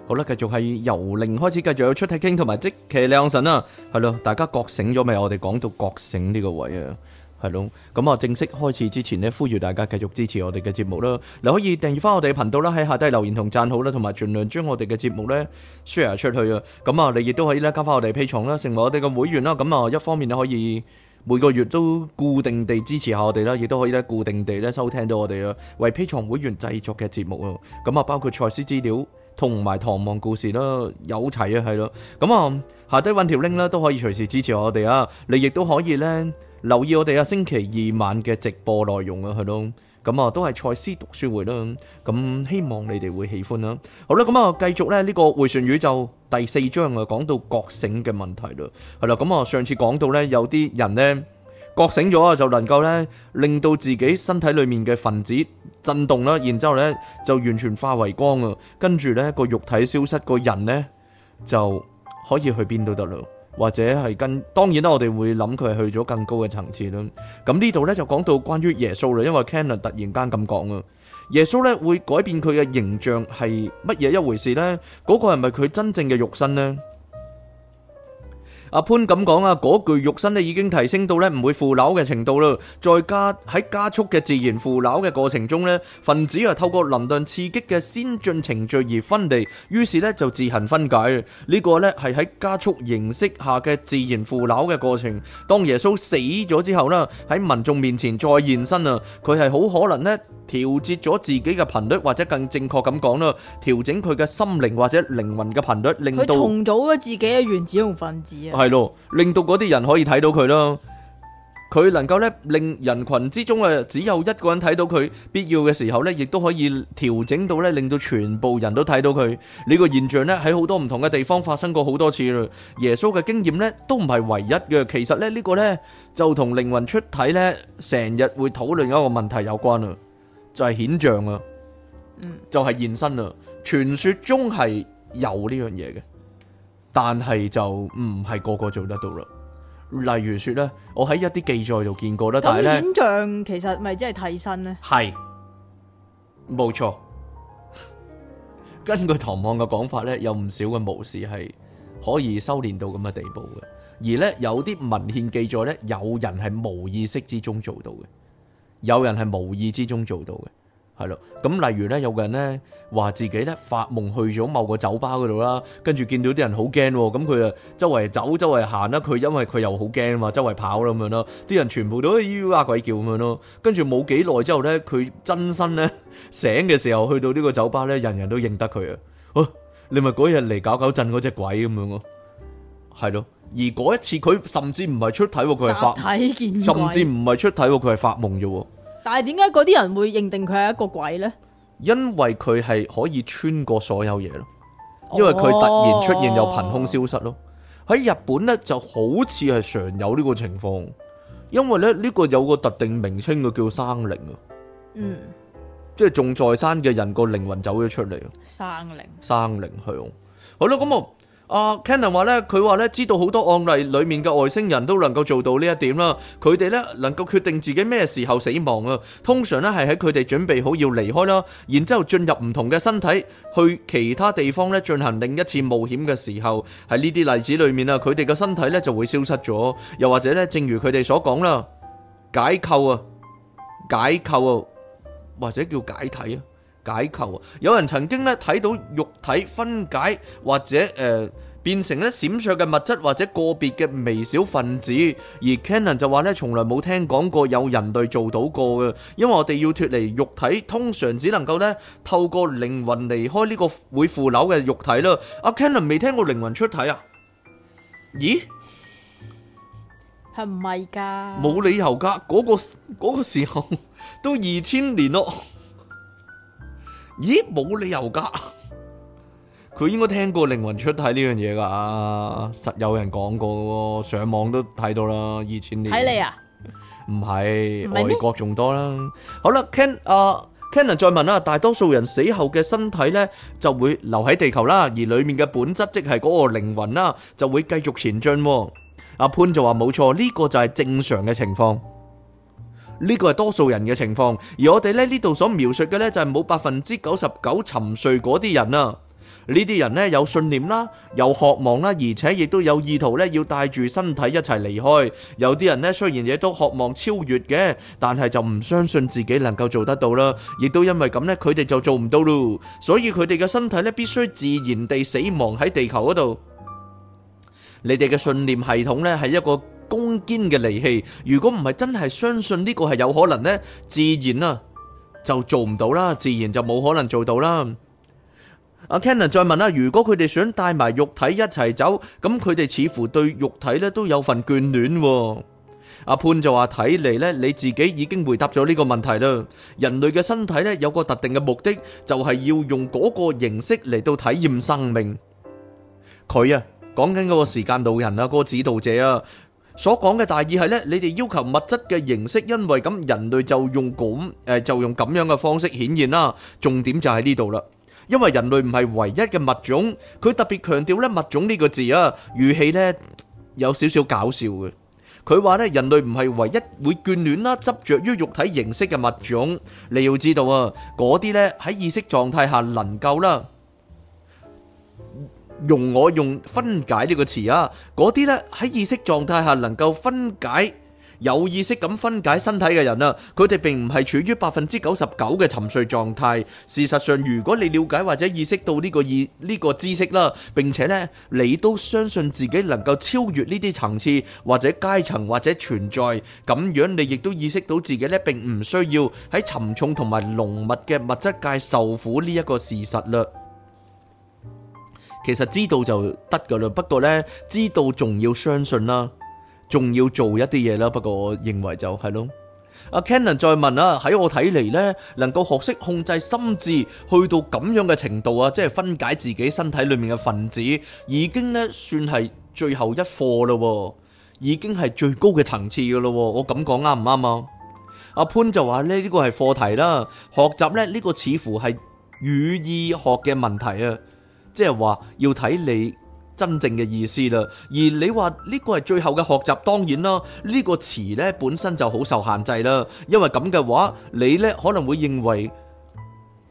好啦，繼續係由零開始繼，繼續有出體傾同埋即其靚神啊，係咯，大家覺醒咗未？我哋講到覺醒呢個位啊，係咯，咁啊正式開始之前呢，呼籲大家繼續支持我哋嘅節目啦。你可以訂閱翻我哋嘅頻道啦，喺下低留言同讚好啦，同埋盡量將我哋嘅節目呢 share 出去啊。咁啊，你亦都可以呢，加翻我哋 P 唱，啦，成為我哋嘅會員啦。咁啊，一方面你可以每個月都固定地支持下我哋啦，亦都可以呢，固定地呢收聽到我哋啊為 P 唱會員製作嘅節目啊。咁啊，包括賽詩資料。同埋《唐望故事》啦，有齊啊，係咯。咁、嗯、啊，下低揾條 link 啦，都可以隨時支持我哋啊。你亦都可以咧留意我哋啊，星期二晚嘅直播內容啊，係咯。咁、嗯、啊，都係賽斯讀書會啦。咁、嗯、希望你哋會喜歡啦。好啦，咁、嗯、啊，繼續咧呢、這個《回旋宇宙》第四章啊，講到覺醒嘅問題啦。係啦，咁、嗯、啊，上次講到咧有啲人咧覺醒咗啊，就能夠咧令到自己身體裏面嘅分子。震動啦，然之後咧就完全化為光啊，跟住咧個肉體消失，個人咧就可以去邊度得咯，或者係跟，當然啦，我哋會諗佢係去咗更高嘅層次啦。咁呢度咧就講到關於耶穌啦，因為 Cannon 突然間咁講啊，耶穌咧會改變佢嘅形象係乜嘢一回事咧？嗰個係咪佢真正嘅肉身咧？阿、啊、潘咁講啊，嗰具肉身已經提升到唔會腐朽嘅程度啦。再加喺加速嘅自然腐朽嘅過程中呢，分子啊透過能量刺激嘅先進程序而分離，於是呢就自行分解。呢個呢係喺加速形式下嘅自然腐朽嘅過程。當耶穌死咗之後呢，喺民眾面前再現身啊，佢係好可能呢。調節咗自己嘅頻率，或者更正確咁講啦，調整佢嘅心靈或者靈魂嘅頻率，令到佢重組咗自己嘅原子同分子啊。係咯，令到嗰啲人可以睇到佢啦。佢能夠咧令人群之中誒，只有一個人睇到佢，必要嘅時候咧，亦都可以調整到咧，令到全部人都睇到佢呢個現象咧。喺好多唔同嘅地方發生過好多次啦。耶穌嘅經驗咧都唔係唯一嘅，其實咧呢個咧就同靈魂出體咧成日會討論一個問題有關啦。就係、是、顯像啦，就係、是、現身啦。傳、嗯、說中係有呢樣嘢嘅，但係就唔係個個做得到啦。例如說咧，我喺一啲記載度見過啦，但係咧，顯象其實咪即係替身咧？係冇錯。根據唐望嘅講法咧，有唔少嘅巫師係可以修煉到咁嘅地步嘅，而咧有啲文獻記載咧，有人係無意識之中做到嘅。有人係無意之中做到嘅，係咯。咁例如咧，有個人咧話自己咧發夢去咗某個酒吧嗰度啦，跟住見到啲人好驚喎，咁佢啊周圍走周圍行啦，佢因為佢又好驚嘛，周圍跑咁樣咯，啲人全部都咿呀鬼叫咁樣咯，跟住冇幾耐之後咧，佢真身咧醒嘅時候去到呢個酒吧咧，人人都認得佢啊，哦，你咪嗰日嚟搞搞震嗰隻鬼咁樣咯，係咯。而嗰一次佢甚至唔係出體喎，佢係發夢，甚至唔係出體喎，佢係發夢啫喎。但係點解嗰啲人會認定佢係一個鬼呢？因為佢係可以穿過所有嘢咯，因為佢突然出現又憑空消失咯。喺、哦、日本呢，就好似係常有呢個情況，因為咧呢個有個特定名稱佢叫生靈啊、嗯，嗯，即係仲在生嘅人，個靈魂走咗出嚟，生靈，生靈係。好啦，咁我。啊，uh，Cannon 話咧，佢話咧，知道好多案例裏面嘅外星人都能夠做到呢一點啦。佢哋咧能夠決定自己咩時候死亡啊。通常咧係喺佢哋準備好要離開啦，然之後進入唔同嘅身體去其他地方咧進行另一次冒險嘅時候，喺呢啲例子裏面啊，佢哋嘅身體咧就會消失咗。又或者咧，正如佢哋所講啦，解構啊，解構啊，或者叫解體啊。解構。有人曾經咧睇到肉體分解或者誒、呃、變成咧閃爍嘅物質或者個別嘅微小分子，而 Cannon 就話咧從來冇聽講過有人類做到過嘅，因為我哋要脱離肉體，通常只能夠咧透過靈魂離開呢個會腐朽嘅肉體啦。阿、啊、Cannon 未聽過靈魂出體啊？咦，係唔係㗎？冇理由㗎，嗰、那個嗰、那個、時候都二千年咯。咦，冇理由噶，佢 [LAUGHS] 應該聽過靈魂出體呢樣嘢噶，實有人講過，上網都睇到啦。二千年睇你啊？唔係，外國仲多啦。好啦，Ken 啊、呃、Ken 再問啦，大多數人死後嘅身體咧就會留喺地球啦，而裏面嘅本質即係嗰個靈魂啦，就會繼續前進。阿、啊、潘就話冇錯，呢、這個就係正常嘅情況。呢個係多數人嘅情況，而我哋咧呢度所描述嘅呢，就係冇百分之九十九沉睡嗰啲人啦。呢啲人呢，有信念啦，有渴望啦，而且亦都有意圖呢，要帶住身體一齊離開。有啲人呢，雖然亦都渴望超越嘅，但係就唔相信自己能夠做得到啦，亦都因為咁呢，佢哋就做唔到咯。所以佢哋嘅身體呢，必須自然地死亡喺地球嗰度。你哋嘅信念系統呢，係一個。攻堅嘅利器，如果唔係真係相信呢個係有可能咧，自然啊就做唔到啦，自然就冇可能做到啦。阿 Kennan 再問啦，如果佢哋想帶埋肉體一齊走，咁佢哋似乎對肉體咧都有份眷戀。阿潘就話睇嚟，咧，你自己已經回答咗呢個問題啦。人類嘅身體咧有個特定嘅目的，就係要用嗰個形式嚟到體驗生命。佢啊，講緊嗰個時間老人啊，嗰個指導者啊。所講嘅大意係咧，你哋要求物質嘅形式，因為咁人類就用咁，誒就用咁樣嘅方式顯現啦。重點就喺呢度啦，因為人類唔係唯一嘅物種，佢特別強調咧，物種呢個字啊，語氣呢有少少搞笑嘅。佢話咧，人類唔係唯一會眷戀啦、執着於肉體形式嘅物種。你要知道啊，嗰啲呢喺意識狀態下能夠啦。用我用分解呢個詞啊，嗰啲呢喺意識狀態下能夠分解，有意識咁分解身體嘅人啊，佢哋並唔係處於百分之九十九嘅沉睡狀態。事實上，如果你了解或者意識到呢個意呢個知識啦，並且呢你都相信自己能夠超越呢啲層次或者階層或者存在，咁樣你亦都意識到自己呢並唔需要喺沉重同埋濃密嘅物質界受苦呢一個事實嘞。其實知道就得噶啦，不過呢，知道仲要相信啦，仲要做一啲嘢啦。不過我認為就係咯，阿 Cannon 再問啦，喺我睇嚟呢，能夠學識控制心智，去到咁樣嘅程度啊，即係分解自己身體裏面嘅分子，已經呢算係最後一課啦，已經係最高嘅層次噶喎。我咁講啱唔啱啊？阿潘就話呢呢個係課題啦，學習呢個似乎係語義學嘅問題啊。即係話要睇你真正嘅意思啦，而你話呢個係最後嘅學習，當然啦，呢個詞呢本身就好受限制啦，因為咁嘅話，你呢可能會認為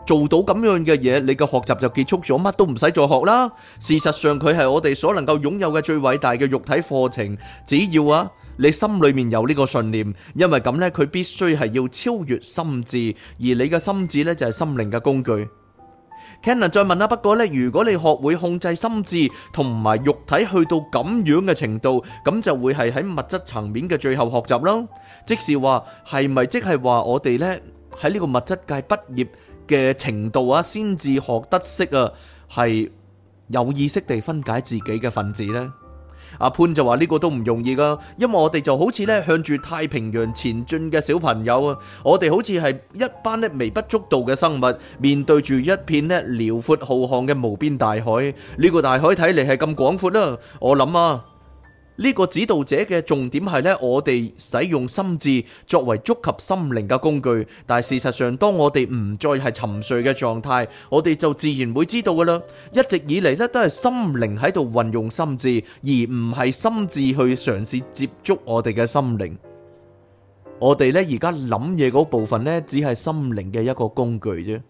做到咁樣嘅嘢，你嘅學習就結束咗，乜都唔使再學啦。事實上，佢係我哋所能夠擁有嘅最偉大嘅肉體課程。只要啊，你心裏面有呢個信念，因為咁呢，佢必須係要超越心智，而你嘅心智呢，就係心靈嘅工具。Ken，再問啊！不過呢，如果你學會控制心智同埋肉體去到咁樣嘅程度，咁就會係喺物質層面嘅最後學習囉。即是話，係咪即係話我哋呢喺呢個物質界畢業嘅程度啊，先至學得識啊，係有意識地分解自己嘅分子呢？阿潘就話呢個都唔容易噶，因為我哋就好似呢，向住太平洋前進嘅小朋友啊，我哋好似係一班呢，微不足道嘅生物，面對住一片呢，遼闊浩瀚嘅無邊大海，呢個大海睇嚟係咁廣闊啦，我諗啊。呢、這個指導者嘅重點係呢：我哋使用心智作為觸及心靈嘅工具，但係事實上，當我哋唔再係沉睡嘅狀態，我哋就自然會知道㗎喇。一直以嚟呢都係心靈喺度運用心智，而唔係心智去嘗試接觸我哋嘅心靈。我哋呢而家諗嘢嗰部分呢，只係心靈嘅一個工具啫。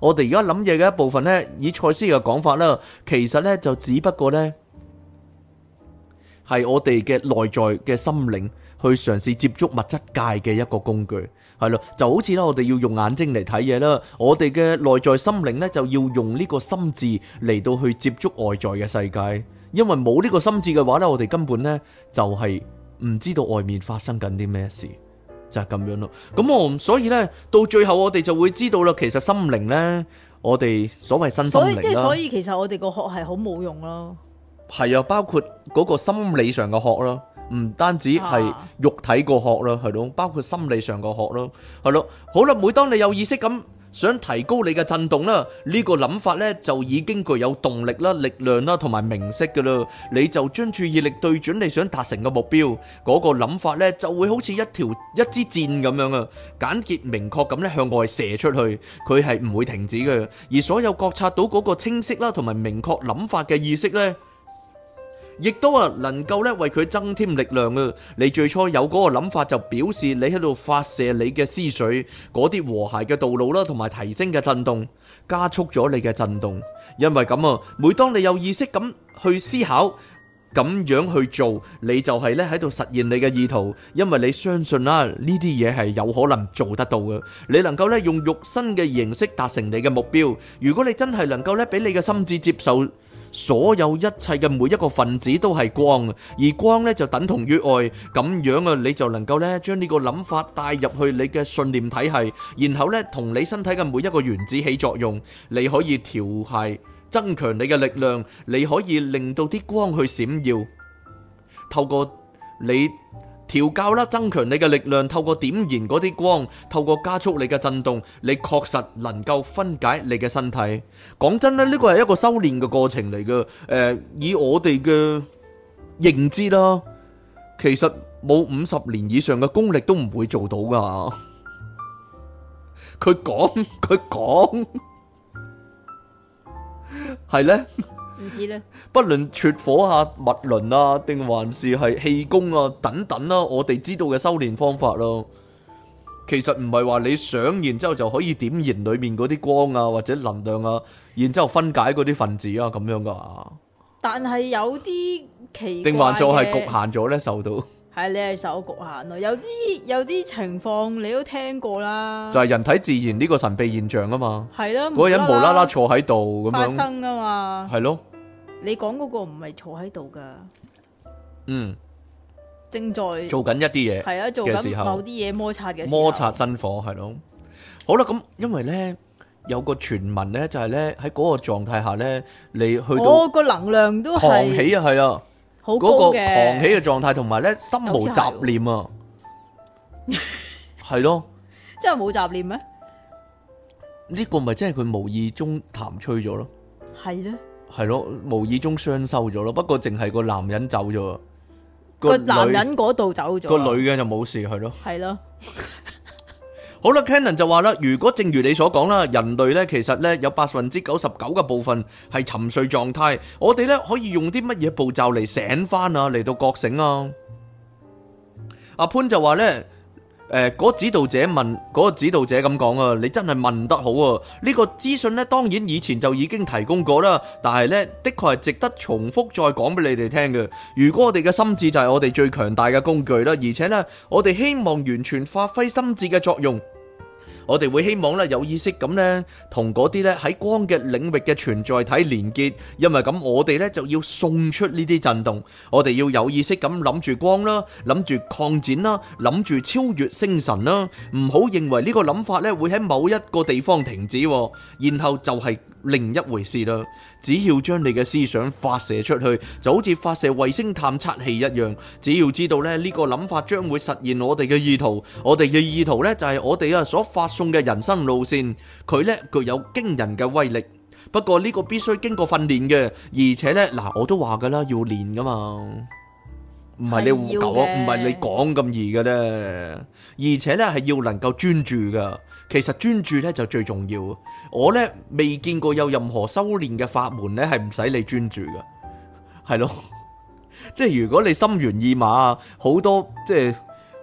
我哋而家諗嘢嘅一部分呢，以賽斯嘅講法啦，其實呢就只不過呢。係我哋嘅內在嘅心靈去嘗試接觸物質界嘅一個工具，係咯，就好似啦，我哋要用眼睛嚟睇嘢啦，我哋嘅內在心靈咧就要用呢個心智嚟到去接觸外在嘅世界，因為冇呢個心智嘅話咧，我哋根本咧就係唔知道外面發生緊啲咩事，就係咁樣咯。咁我所以咧到最後我哋就會知道啦，其實心靈咧，我哋所謂新心靈啦。所以即係所以，其實我哋個學係好冇用咯。係啊，包括嗰個心理上嘅學咯，唔單止係肉體個學咯，係咯，包括心理上個學咯，係咯。好啦，每當你有意識咁想提高你嘅震動啦，呢個諗法咧就已經具有動力啦、力量啦同埋明晰噶啦。你就將注意力對準你想達成嘅目標，嗰個諗法咧就會好似一條一支箭咁樣啊，簡潔明確咁咧向外射出去，佢係唔會停止嘅。而所有覺察到嗰個清晰啦同埋明確諗法嘅意識咧。亦都啊，能夠咧為佢增添力量啊！你最初有嗰個諗法，就表示你喺度發射你嘅思緒，嗰啲和諧嘅道路啦，同埋提升嘅震動，加速咗你嘅震動。因為咁啊，每當你有意識咁去思考，咁樣去做，你就係咧喺度實現你嘅意圖。因為你相信啦，呢啲嘢係有可能做得到嘅。你能夠咧用肉身嘅形式達成你嘅目標。如果你真係能夠咧俾你嘅心智接受，所有一切嘅每一個分子都係光，而光呢就等同於愛，咁樣啊你就能夠呢將呢個諗法帶入去你嘅信念體系，然後呢同你身體嘅每一個原子起作用，你可以調諧增強你嘅力量，你可以令到啲光去閃耀，透過你。調教啦，增強你嘅力量，透過點燃嗰啲光，透過加速你嘅震動，你確實能夠分解你嘅身體。講真咧，呢個係一個修煉嘅過程嚟嘅。誒，以我哋嘅認知啦，其實冇五十年以上嘅功力都唔會做到㗎。佢講，佢講，係呢。唔知咧，不論脫火下物輪啊，定、啊、還是係氣功啊，等等啦、啊，我哋知道嘅修煉方法咯、啊。其實唔係話你想，然之後就可以點燃裏面嗰啲光啊，或者能量啊，然之後分解嗰啲分子啊，咁樣噶、啊。但係有啲奇怪，定還是我係局限咗呢，受到。係你係受局限咯，有啲有啲情況你都聽過啦，就係、是、人體自然呢個神秘現象啊嘛，係咯，嗰人無啦啦坐喺度咁樣發生啊嘛，係咯，你講嗰個唔係坐喺度噶，嗯，正在做緊一啲嘢，係啊，做緊某啲嘢摩擦嘅，摩擦生火係咯，好啦，咁因為咧有個傳聞咧就係咧喺嗰個狀態下咧，你去我、哦嗰個能量都是起啊，係啊。嗰個狂喜嘅狀態，同埋咧心無雜念啊，係咯，真係冇雜念咩？呢個咪真係佢無意中談吹咗咯，係咧，係咯，無意中雙收咗咯。不過淨係個男人走咗，個男人嗰度走咗，個女嘅就冇事係咯，係咯。好啦，Canon 就話啦，如果正如你所講啦，人類咧其實咧有百分之九十九嘅部分係沉睡狀態，我哋咧可以用啲乜嘢步驟嚟醒翻啊，嚟到覺醒啊。阿潘就話咧，誒、呃，嗰指導者問嗰、嗰個指導者咁講啊，你真係問得好啊，呢、呢個資訊咧當然以前就已經提供過啦，但係咧的確係值得重複再講俾你哋聽嘅。如果我哋嘅心智就係我哋最強大嘅工具啦，而且咧我哋希望完全發揮心智嘅作用。我哋會希望咧有意識咁咧，同嗰啲咧喺光嘅領域嘅存在體連結，因為咁我哋咧就要送出呢啲震動，我哋要有意識咁諗住光啦，諗住擴展啦，諗住超越星辰啦，唔好認為呢個諗法咧會喺某一個地方停止，然後就係、是。另一回事啦，只要將你嘅思想發射出去，就好似發射衛星探測器一樣。只要知道咧呢個諗法將會實現我哋嘅意圖，我哋嘅意圖呢就係我哋啊所發送嘅人生路線，佢呢具有驚人嘅威力。不過呢個必須經過訓練嘅，而且呢，嗱，我都話噶啦，要練噶嘛。唔係你胡講，唔係你講咁易嘅咧。而且咧係要能夠專注噶，其實專注咧就最重要的。我咧未見過有任何修煉嘅法門咧係唔使你專注噶，係咯。即係如果你心猿意馬啊，好多即係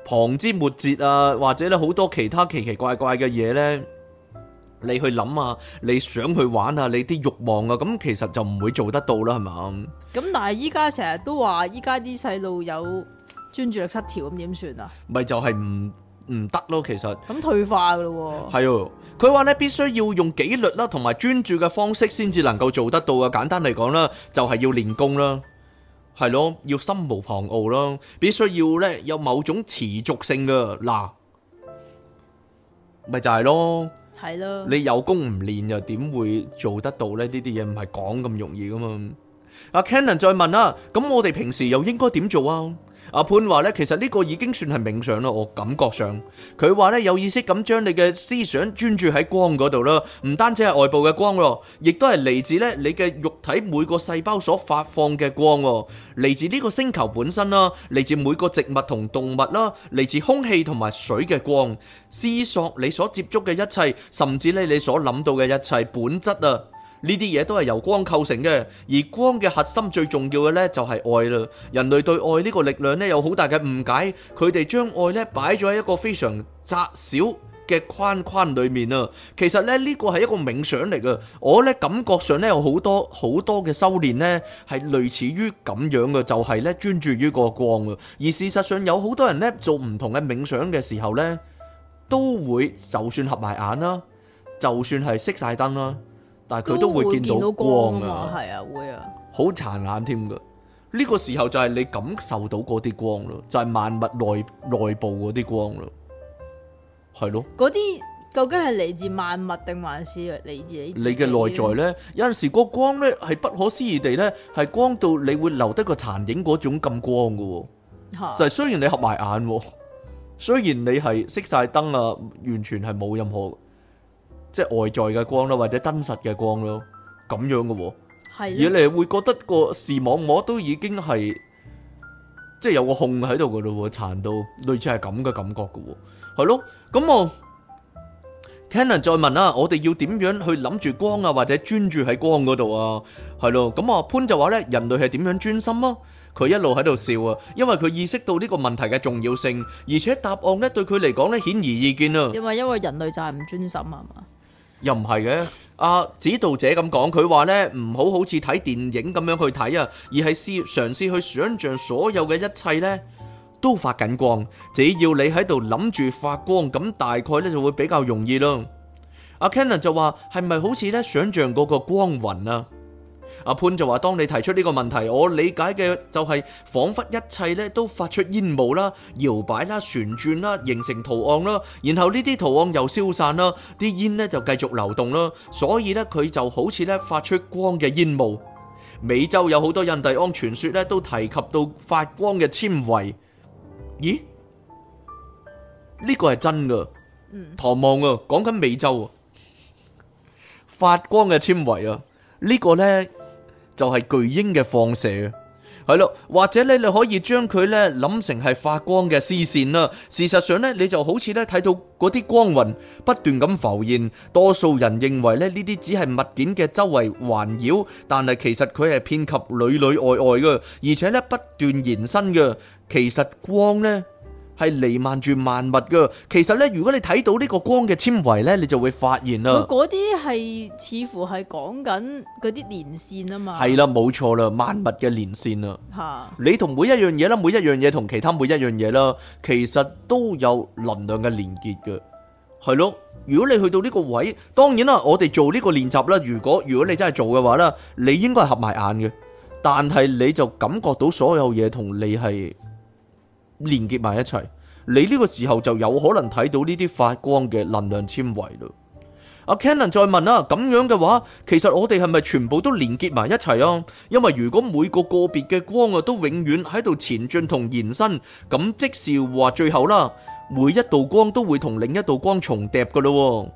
旁枝末節啊，或者咧好多其他奇奇怪怪嘅嘢咧。你去諗啊，你想去玩啊，你啲慾望啊，咁其實就唔會做得到啦，係嘛？咁但係依家成日都話，依家啲細路有專注力失調，咁點算啊？咪就係唔唔得咯，其實咁退化噶咯。係，佢話咧必須要用紀律啦，同埋專注嘅方式先至能夠做得到啊。簡單嚟講啦，就係要練功啦，係咯，要心無旁騖咯，必須要咧有某種持續性嘅嗱，咪就係咯。係咯，你有功唔練又點會做得到咧？呢啲嘢唔係講咁容易㗎嘛。阿 Canon 再問啦，咁我哋平時又應該點做啊？阿、啊、潘話咧，其實呢個已經算係冥想咯。我感覺上，佢話咧，有意識咁將你嘅思想專注喺光嗰度啦。唔單止係外部嘅光咯，亦都係嚟自咧你嘅肉體每個細胞所發放嘅光，嚟自呢個星球本身啦，嚟自每個植物同動物啦，嚟自空氣同埋水嘅光。思索你所接觸嘅一切，甚至咧你所諗到嘅一切本質啊！呢啲嘢都係由光構成嘅，而光嘅核心最重要嘅呢，就係愛啦。人類對愛呢個力量呢，有好大嘅誤解，佢哋將愛呢擺咗喺一個非常窄小嘅框框裏面啊。其實呢，呢個係一個冥想嚟啊。我呢感覺上呢，有好多好多嘅修煉呢，係類似於咁樣嘅，就係呢專注於個光啊。而事實上有好多人呢，做唔同嘅冥想嘅時候呢，都會就算合埋眼啦，就算係熄曬燈啦。但係佢都，都會見到光啊，係啊，會啊，好殘眼添噶。呢個時候就係你感受到嗰啲光咯，就係萬物內內部嗰啲光咯，係咯。嗰啲究竟係嚟自萬物定還是嚟自你？你嘅內在咧，有陣時個光咧係不可思議地咧，係光到你會留得個殘影嗰種咁光噶。就係雖然你合埋眼，雖然你係熄晒燈啊，完全係冇任何的。即係外在嘅光咯，或者真實嘅光咯，咁樣嘅喎。而你會覺得個視網膜都已經係即係有個空喺度嘅咯，殘到類似係咁嘅感覺嘅喎。係咯，咁我 Cannon 再問啊，我哋要點樣去諗住光啊，或者專注喺光嗰度啊？係咯，咁阿潘就話咧，人類係點樣專心啊？佢一路喺度笑啊，因為佢意識到呢個問題嘅重要性，而且答案咧對佢嚟講咧顯而易見啊。因為因為人類就係唔專心啊嘛。又唔係嘅，阿指導者咁講，佢話呢唔好好似睇電影咁樣去睇啊，而係試嘗試去想像所有嘅一切呢都發緊光，只要你喺度諗住發光，咁大概呢就會比較容易咯。阿 Kenner 就話：係咪好似呢想像嗰個光雲啊？阿潘就話：當你提出呢個問題，我理解嘅就係仿佛一切咧都發出煙霧啦、搖擺啦、旋轉啦、形成圖案啦，然後呢啲圖案又消散啦，啲煙咧就繼續流動啦。所以咧佢就好似咧發出光嘅煙霧。美洲有好多印第安傳說咧都提及到發光嘅纖維。咦？呢個係真噶？唐望啊，講緊美洲啊，發光嘅纖維啊，呢個呢。就係、是、巨鷹嘅放射，係咯，或者你你可以將佢呢諗成係發光嘅絲線啦。事實上呢，你就好似咧睇到嗰啲光暈不斷咁浮現。多數人認為咧呢啲只係物件嘅周圍環繞，但係其實佢係遍及裏裏外外嘅，而且呢，不斷延伸嘅。其實光呢。係彌漫住萬物噶。其實咧，如果你睇到呢個光嘅纖維咧，你就會發現啦。佢嗰啲係似乎係講緊嗰啲連線啊嘛。係啦，冇錯啦，萬物嘅連線啦。吓，你同每一樣嘢啦，每一樣嘢同其他每一樣嘢啦，其實都有能量嘅連結嘅。係咯，如果你去到呢個位，當然啦，我哋做呢個練習啦。如果如果你真係做嘅話咧，你應該係合埋眼嘅，但係你就感覺到所有嘢同你係連結埋一齊，你呢個時候就有可能睇到呢啲發光嘅能量纖維咯。阿 Canon 再問啦，咁樣嘅話，其實我哋係咪全部都連結埋一齊啊？因為如果每個個別嘅光啊，都永遠喺度前進同延伸，咁即係話最後啦，每一道光都會同另一道光重疊噶咯。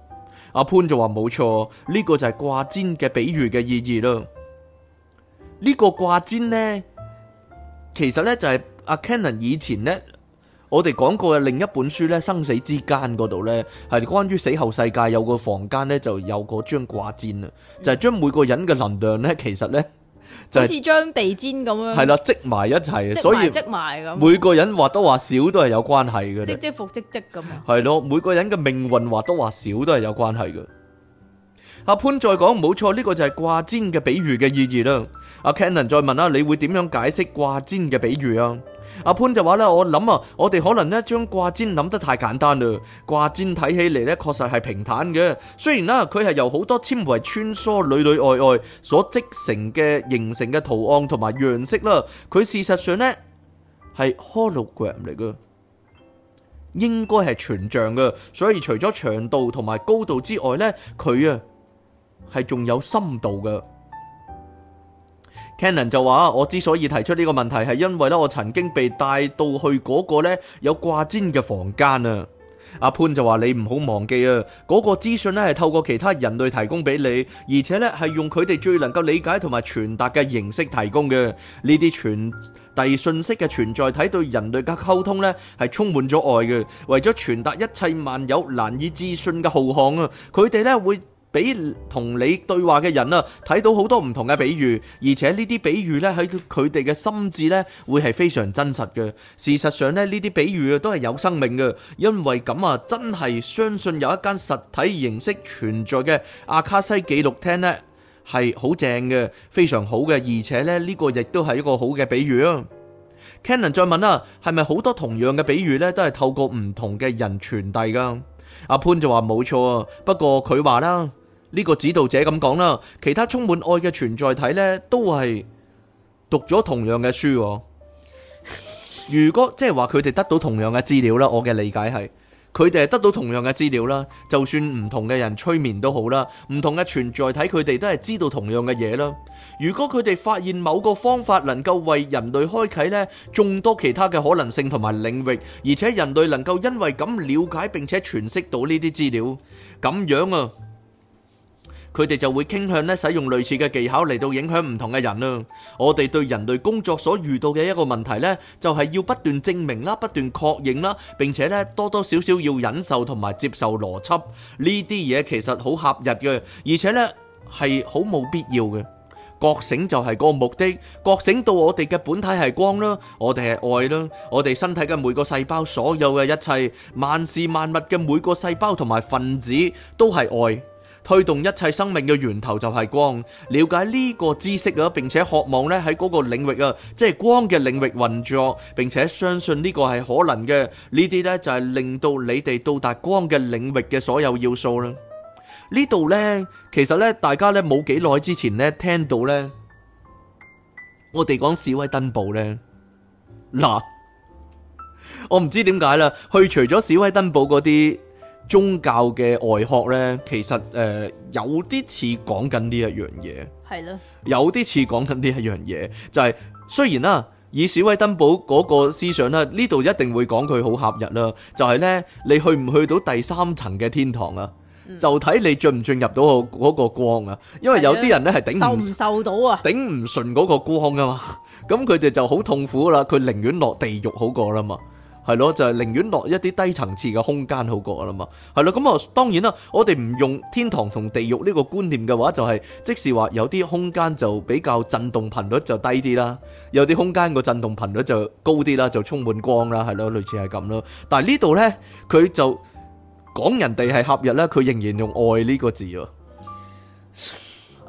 阿潘就話冇錯，呢、這個就係掛簾嘅比喻嘅意義啦。呢、這個掛簾呢。其實咧就係阿 Kenan 以前咧，我哋講過嘅另一本書咧，《生死之間》嗰度咧，係關於死後世界有個房間咧，就有個張掛毯啊，就係將每個人嘅能量咧，其實咧，好似張地毯咁樣，係啦，積埋一齊，所以積埋咁。每個人或多或少都係有關係嘅，即即福即即咁樣係咯，每個人嘅命運或多或少都係有關係嘅。阿潘再講冇錯，呢個就係掛毯嘅比喻嘅意義啦。阿 Cannon，再問啦，你會點樣解釋掛氈嘅比喻啊？阿潘就話咧，我諗啊，我哋可能咧將 Cannon 就話，我之所以提出呢個問題，係因為咧，我曾經被帶到去嗰個有掛氈嘅房間啊。阿潘就話，你唔好忘記啊，嗰、那個資訊咧係透過其他人類提供俾你，而且呢係用佢哋最能夠理解同埋傳達嘅形式提供嘅。呢啲傳遞信息嘅存在體對人類嘅溝通呢係充滿咗愛嘅，為咗傳達一切萬有難以置信嘅浩瀚啊，佢哋呢會俾同你對話嘅人啊，睇到好多唔同嘅比喻，而且呢啲比喻呢喺佢哋嘅心智呢會係非常真實嘅。事實上呢，呢啲比喻都係有生命嘅，因為咁啊，真係相信有一間實體形式存在嘅阿卡西記錄廳呢係好正嘅，非常好嘅，而且呢，呢個亦都係一個好嘅比喻啊。Cannon 再問啦，係咪好多同樣嘅比喻呢都係透過唔同嘅人傳遞噶？阿、啊、潘就話，冇錯啊，不過佢話啦。呢個指導者咁講啦，其他充滿愛嘅存在體呢，都係讀咗同樣嘅書。如果即係話佢哋得到同樣嘅資料啦，我嘅理解係佢哋係得到同樣嘅資料啦。就算唔同嘅人催眠都好啦，唔同嘅存在體佢哋都係知道同樣嘅嘢啦。如果佢哋發現某個方法能夠為人類開啟呢眾多其他嘅可能性同埋領域，而且人類能夠因為咁了解並且詮釋到呢啲資料，咁樣啊～佢哋就會傾向咧使用類似嘅技巧嚟到影響唔同嘅人啦。我哋對人類工作所遇到嘅一個問題咧，就係要不斷證明啦、不斷確認啦，並且咧多多少少要忍受同埋接受邏輯呢啲嘢，其實好狹隘嘅，而且咧係好冇必要嘅。覺醒就係嗰個目的，覺醒到我哋嘅本體係光啦，我哋係愛啦，我哋身體嘅每個細胞、所有嘅一切、萬事萬物嘅每個細胞同埋分子都係愛。推動一切生命嘅源頭就係光，了解呢個知識啊，並且渴望呢喺嗰個領域啊，即係光嘅領域運作，並且相信呢個係可能嘅，呢啲呢，就係令到你哋到達光嘅領域嘅所有要素啦。呢度呢，其實呢，大家呢冇幾耐之前呢聽到呢，我哋講史威登堡呢，嗱，我唔知點解啦，去除咗史威登堡嗰啲。宗教嘅外殼咧，其實誒有啲似講緊呢一樣嘢，係、呃、咯，有啲似講緊呢一樣嘢，就係、是、雖然啦，以史威登堡嗰個思想啦，呢度一定會講佢好合日啦，就係、是、咧，你去唔去到第三層嘅天堂啊？嗯、就睇你進唔進入到嗰個光啊，因為有啲人咧係頂唔受，受到啊，頂唔順嗰個光噶嘛，咁佢哋就好痛苦啦，佢寧願落地獄好過啦嘛。係咯，就係寧願落一啲低層次嘅空間好過啦嘛。係咯，咁啊當然啦，我哋唔用天堂同地獄呢個觀念嘅話，就係即使話有啲空間就比較震動頻率就低啲啦，有啲空間個震動頻率就高啲啦，就充滿光啦，係咯，類似係咁咯。但呢度呢，佢就講人哋係合日啦，佢仍然用愛呢個字喎。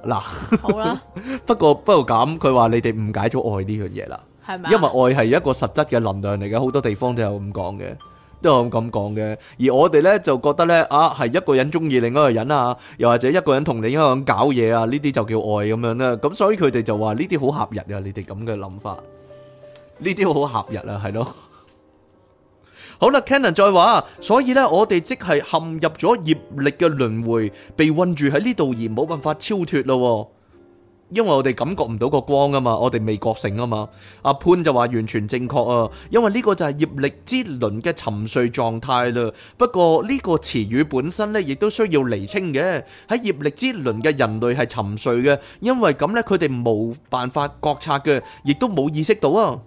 嗱，好啦， [LAUGHS] 不過不過咁，佢話你哋誤解咗愛呢樣嘢啦。是因為愛係一個實質嘅能量嚟嘅，好多地方都有咁講嘅，都有咁講嘅。而我哋呢，就覺得呢，啊，係一個人中意另一個人啊，又或者一個人同另一個人搞嘢啊，呢啲就叫愛咁樣啦。咁所以佢哋就話呢啲好合日啊，你哋咁嘅諗法，呢啲好合日啊，係咯。好啦，Cannon 再話，所以呢，我哋即係陷入咗業力嘅輪迴，被困住喺呢度而冇辦法超脫咯、啊。因為我哋感覺唔到個光啊嘛，我哋未覺醒啊嘛。阿潘就話完全正確啊，因為呢個就係業力之輪嘅沉睡狀態嘞。不過呢個詞語本身咧，亦都需要釐清嘅。喺業力之輪嘅人類係沉睡嘅，因為咁咧佢哋冇辦法覺察嘅，亦都冇意識到啊。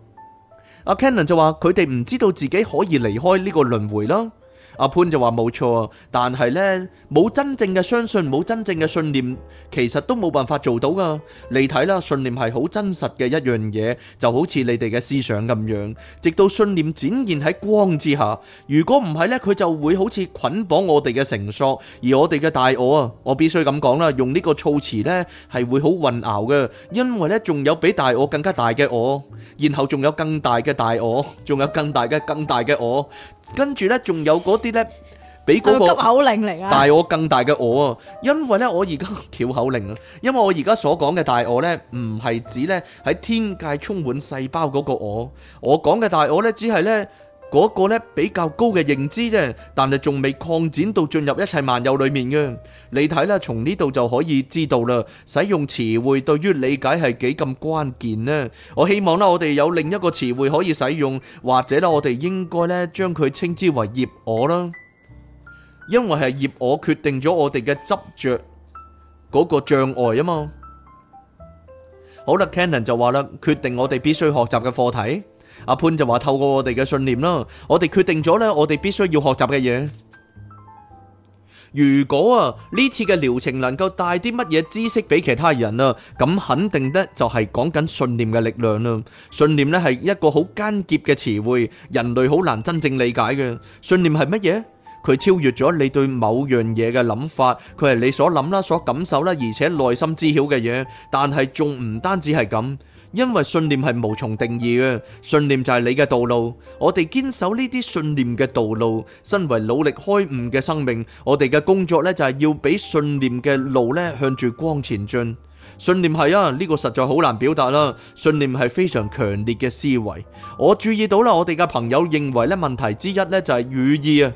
阿 Cannon 就話佢哋唔知道自己可以離開呢個輪迴啦。阿潘就話冇錯，但係呢，冇真正嘅相信，冇真正嘅信念，其實都冇辦法做到噶。你睇啦，信念係好真實嘅一樣嘢，就好似你哋嘅思想咁樣。直到信念展現喺光之下，如果唔係呢，佢就會好似捆綁我哋嘅繩索，而我哋嘅大我啊，我必須咁講啦，用呢個措辭呢，係會好混淆嘅，因為呢，仲有比大我更加大嘅我，然後仲有更大嘅大我，仲有更大嘅更大嘅我。跟住呢，仲有嗰啲呢，比嗰個口令嚟啊！大我更大嘅我啊，因為呢，我而家調口令啊，因為我而家所講嘅大我呢，唔係指呢喺天界充滿細胞嗰個我，我講嘅大我呢，只係呢。嗰個呢比較高嘅認知啫，但係仲未擴展到進入一切萬有裏面嘅。你睇啦，從呢度就可以知道啦，使用詞彙對於理解係幾咁關鍵呢？我希望呢，我哋有另一個詞彙可以使用，或者呢，我哋應該呢將佢稱之為業我啦，因為係業我決定咗我哋嘅執着嗰個障礙啊嘛。好啦，Cannon 就話啦，決定我哋必須學習嘅課題。阿潘就話透過我哋嘅信念啦，我哋決定咗咧，我哋必須要學習嘅嘢。如果啊呢次嘅療程能夠帶啲乜嘢知識俾其他人啊，咁肯定咧就係講緊信念嘅力量啦。信念咧係一個好艱澀嘅詞彙，人類好難真正理解嘅。信念係乜嘢？佢超越咗你對某樣嘢嘅諗法，佢係你所諗啦、所感受啦，而且內心知曉嘅嘢。但係仲唔單止係咁。因為信念係無從定義嘅，信念就係你嘅道路。我哋堅守呢啲信念嘅道路，身為努力開悟嘅生命，我哋嘅工作呢，就係要俾信念嘅路呢向住光前進。信念係啊，呢個實在好難表達啦。信念係非常強烈嘅思維。我注意到啦，我哋嘅朋友認為呢問題之一呢，就係語意啊。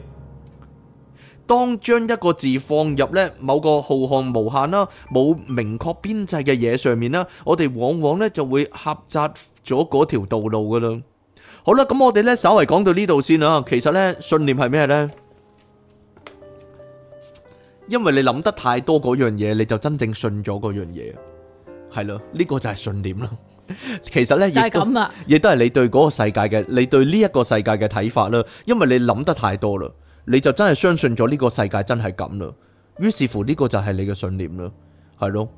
當將一個字放入咧某個浩瀚無限啦、冇明確邊際嘅嘢上面啦，我哋往往咧就會狹窄咗嗰條道路噶啦。好啦，咁我哋咧稍微講到呢度先啦。其實咧，信念係咩咧？因為你諗得太多嗰樣嘢，你就真正信咗嗰樣嘢。係咯，呢、這個就係信念啦。其實咧，亦、係咁啊、都係你對嗰個世界嘅，你對呢一個世界嘅睇法啦。因為你諗得太多啦。你就真係相信咗呢個世界真係咁啦，於是乎呢個就係你嘅信念啦，係咯，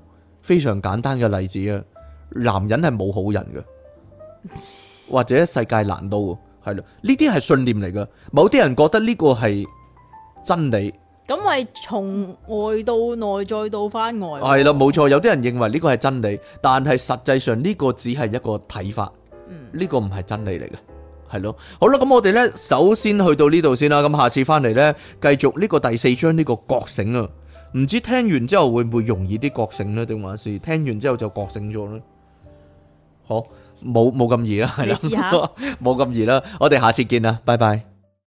非常簡單嘅例子啊，男人係冇好人嘅，或者世界難道，係啦，呢啲係信念嚟嘅。某啲人覺得呢個係真理，咁係從外到內再到翻外，係啦，冇錯，有啲人認為呢個係真理，但係實際上呢個只係一個睇法，呢、呢個唔係真理嚟嘅。係咯，好啦，咁我哋呢，首先去到呢度先啦，咁下次翻嚟呢，繼續呢個第四章呢個覺醒啊，唔知聽完之後會唔會容易啲覺醒呢？定還是聽完之後就覺醒咗呢？好，冇冇咁易啦，係啦，冇咁易啦，我哋下次見啦，拜拜。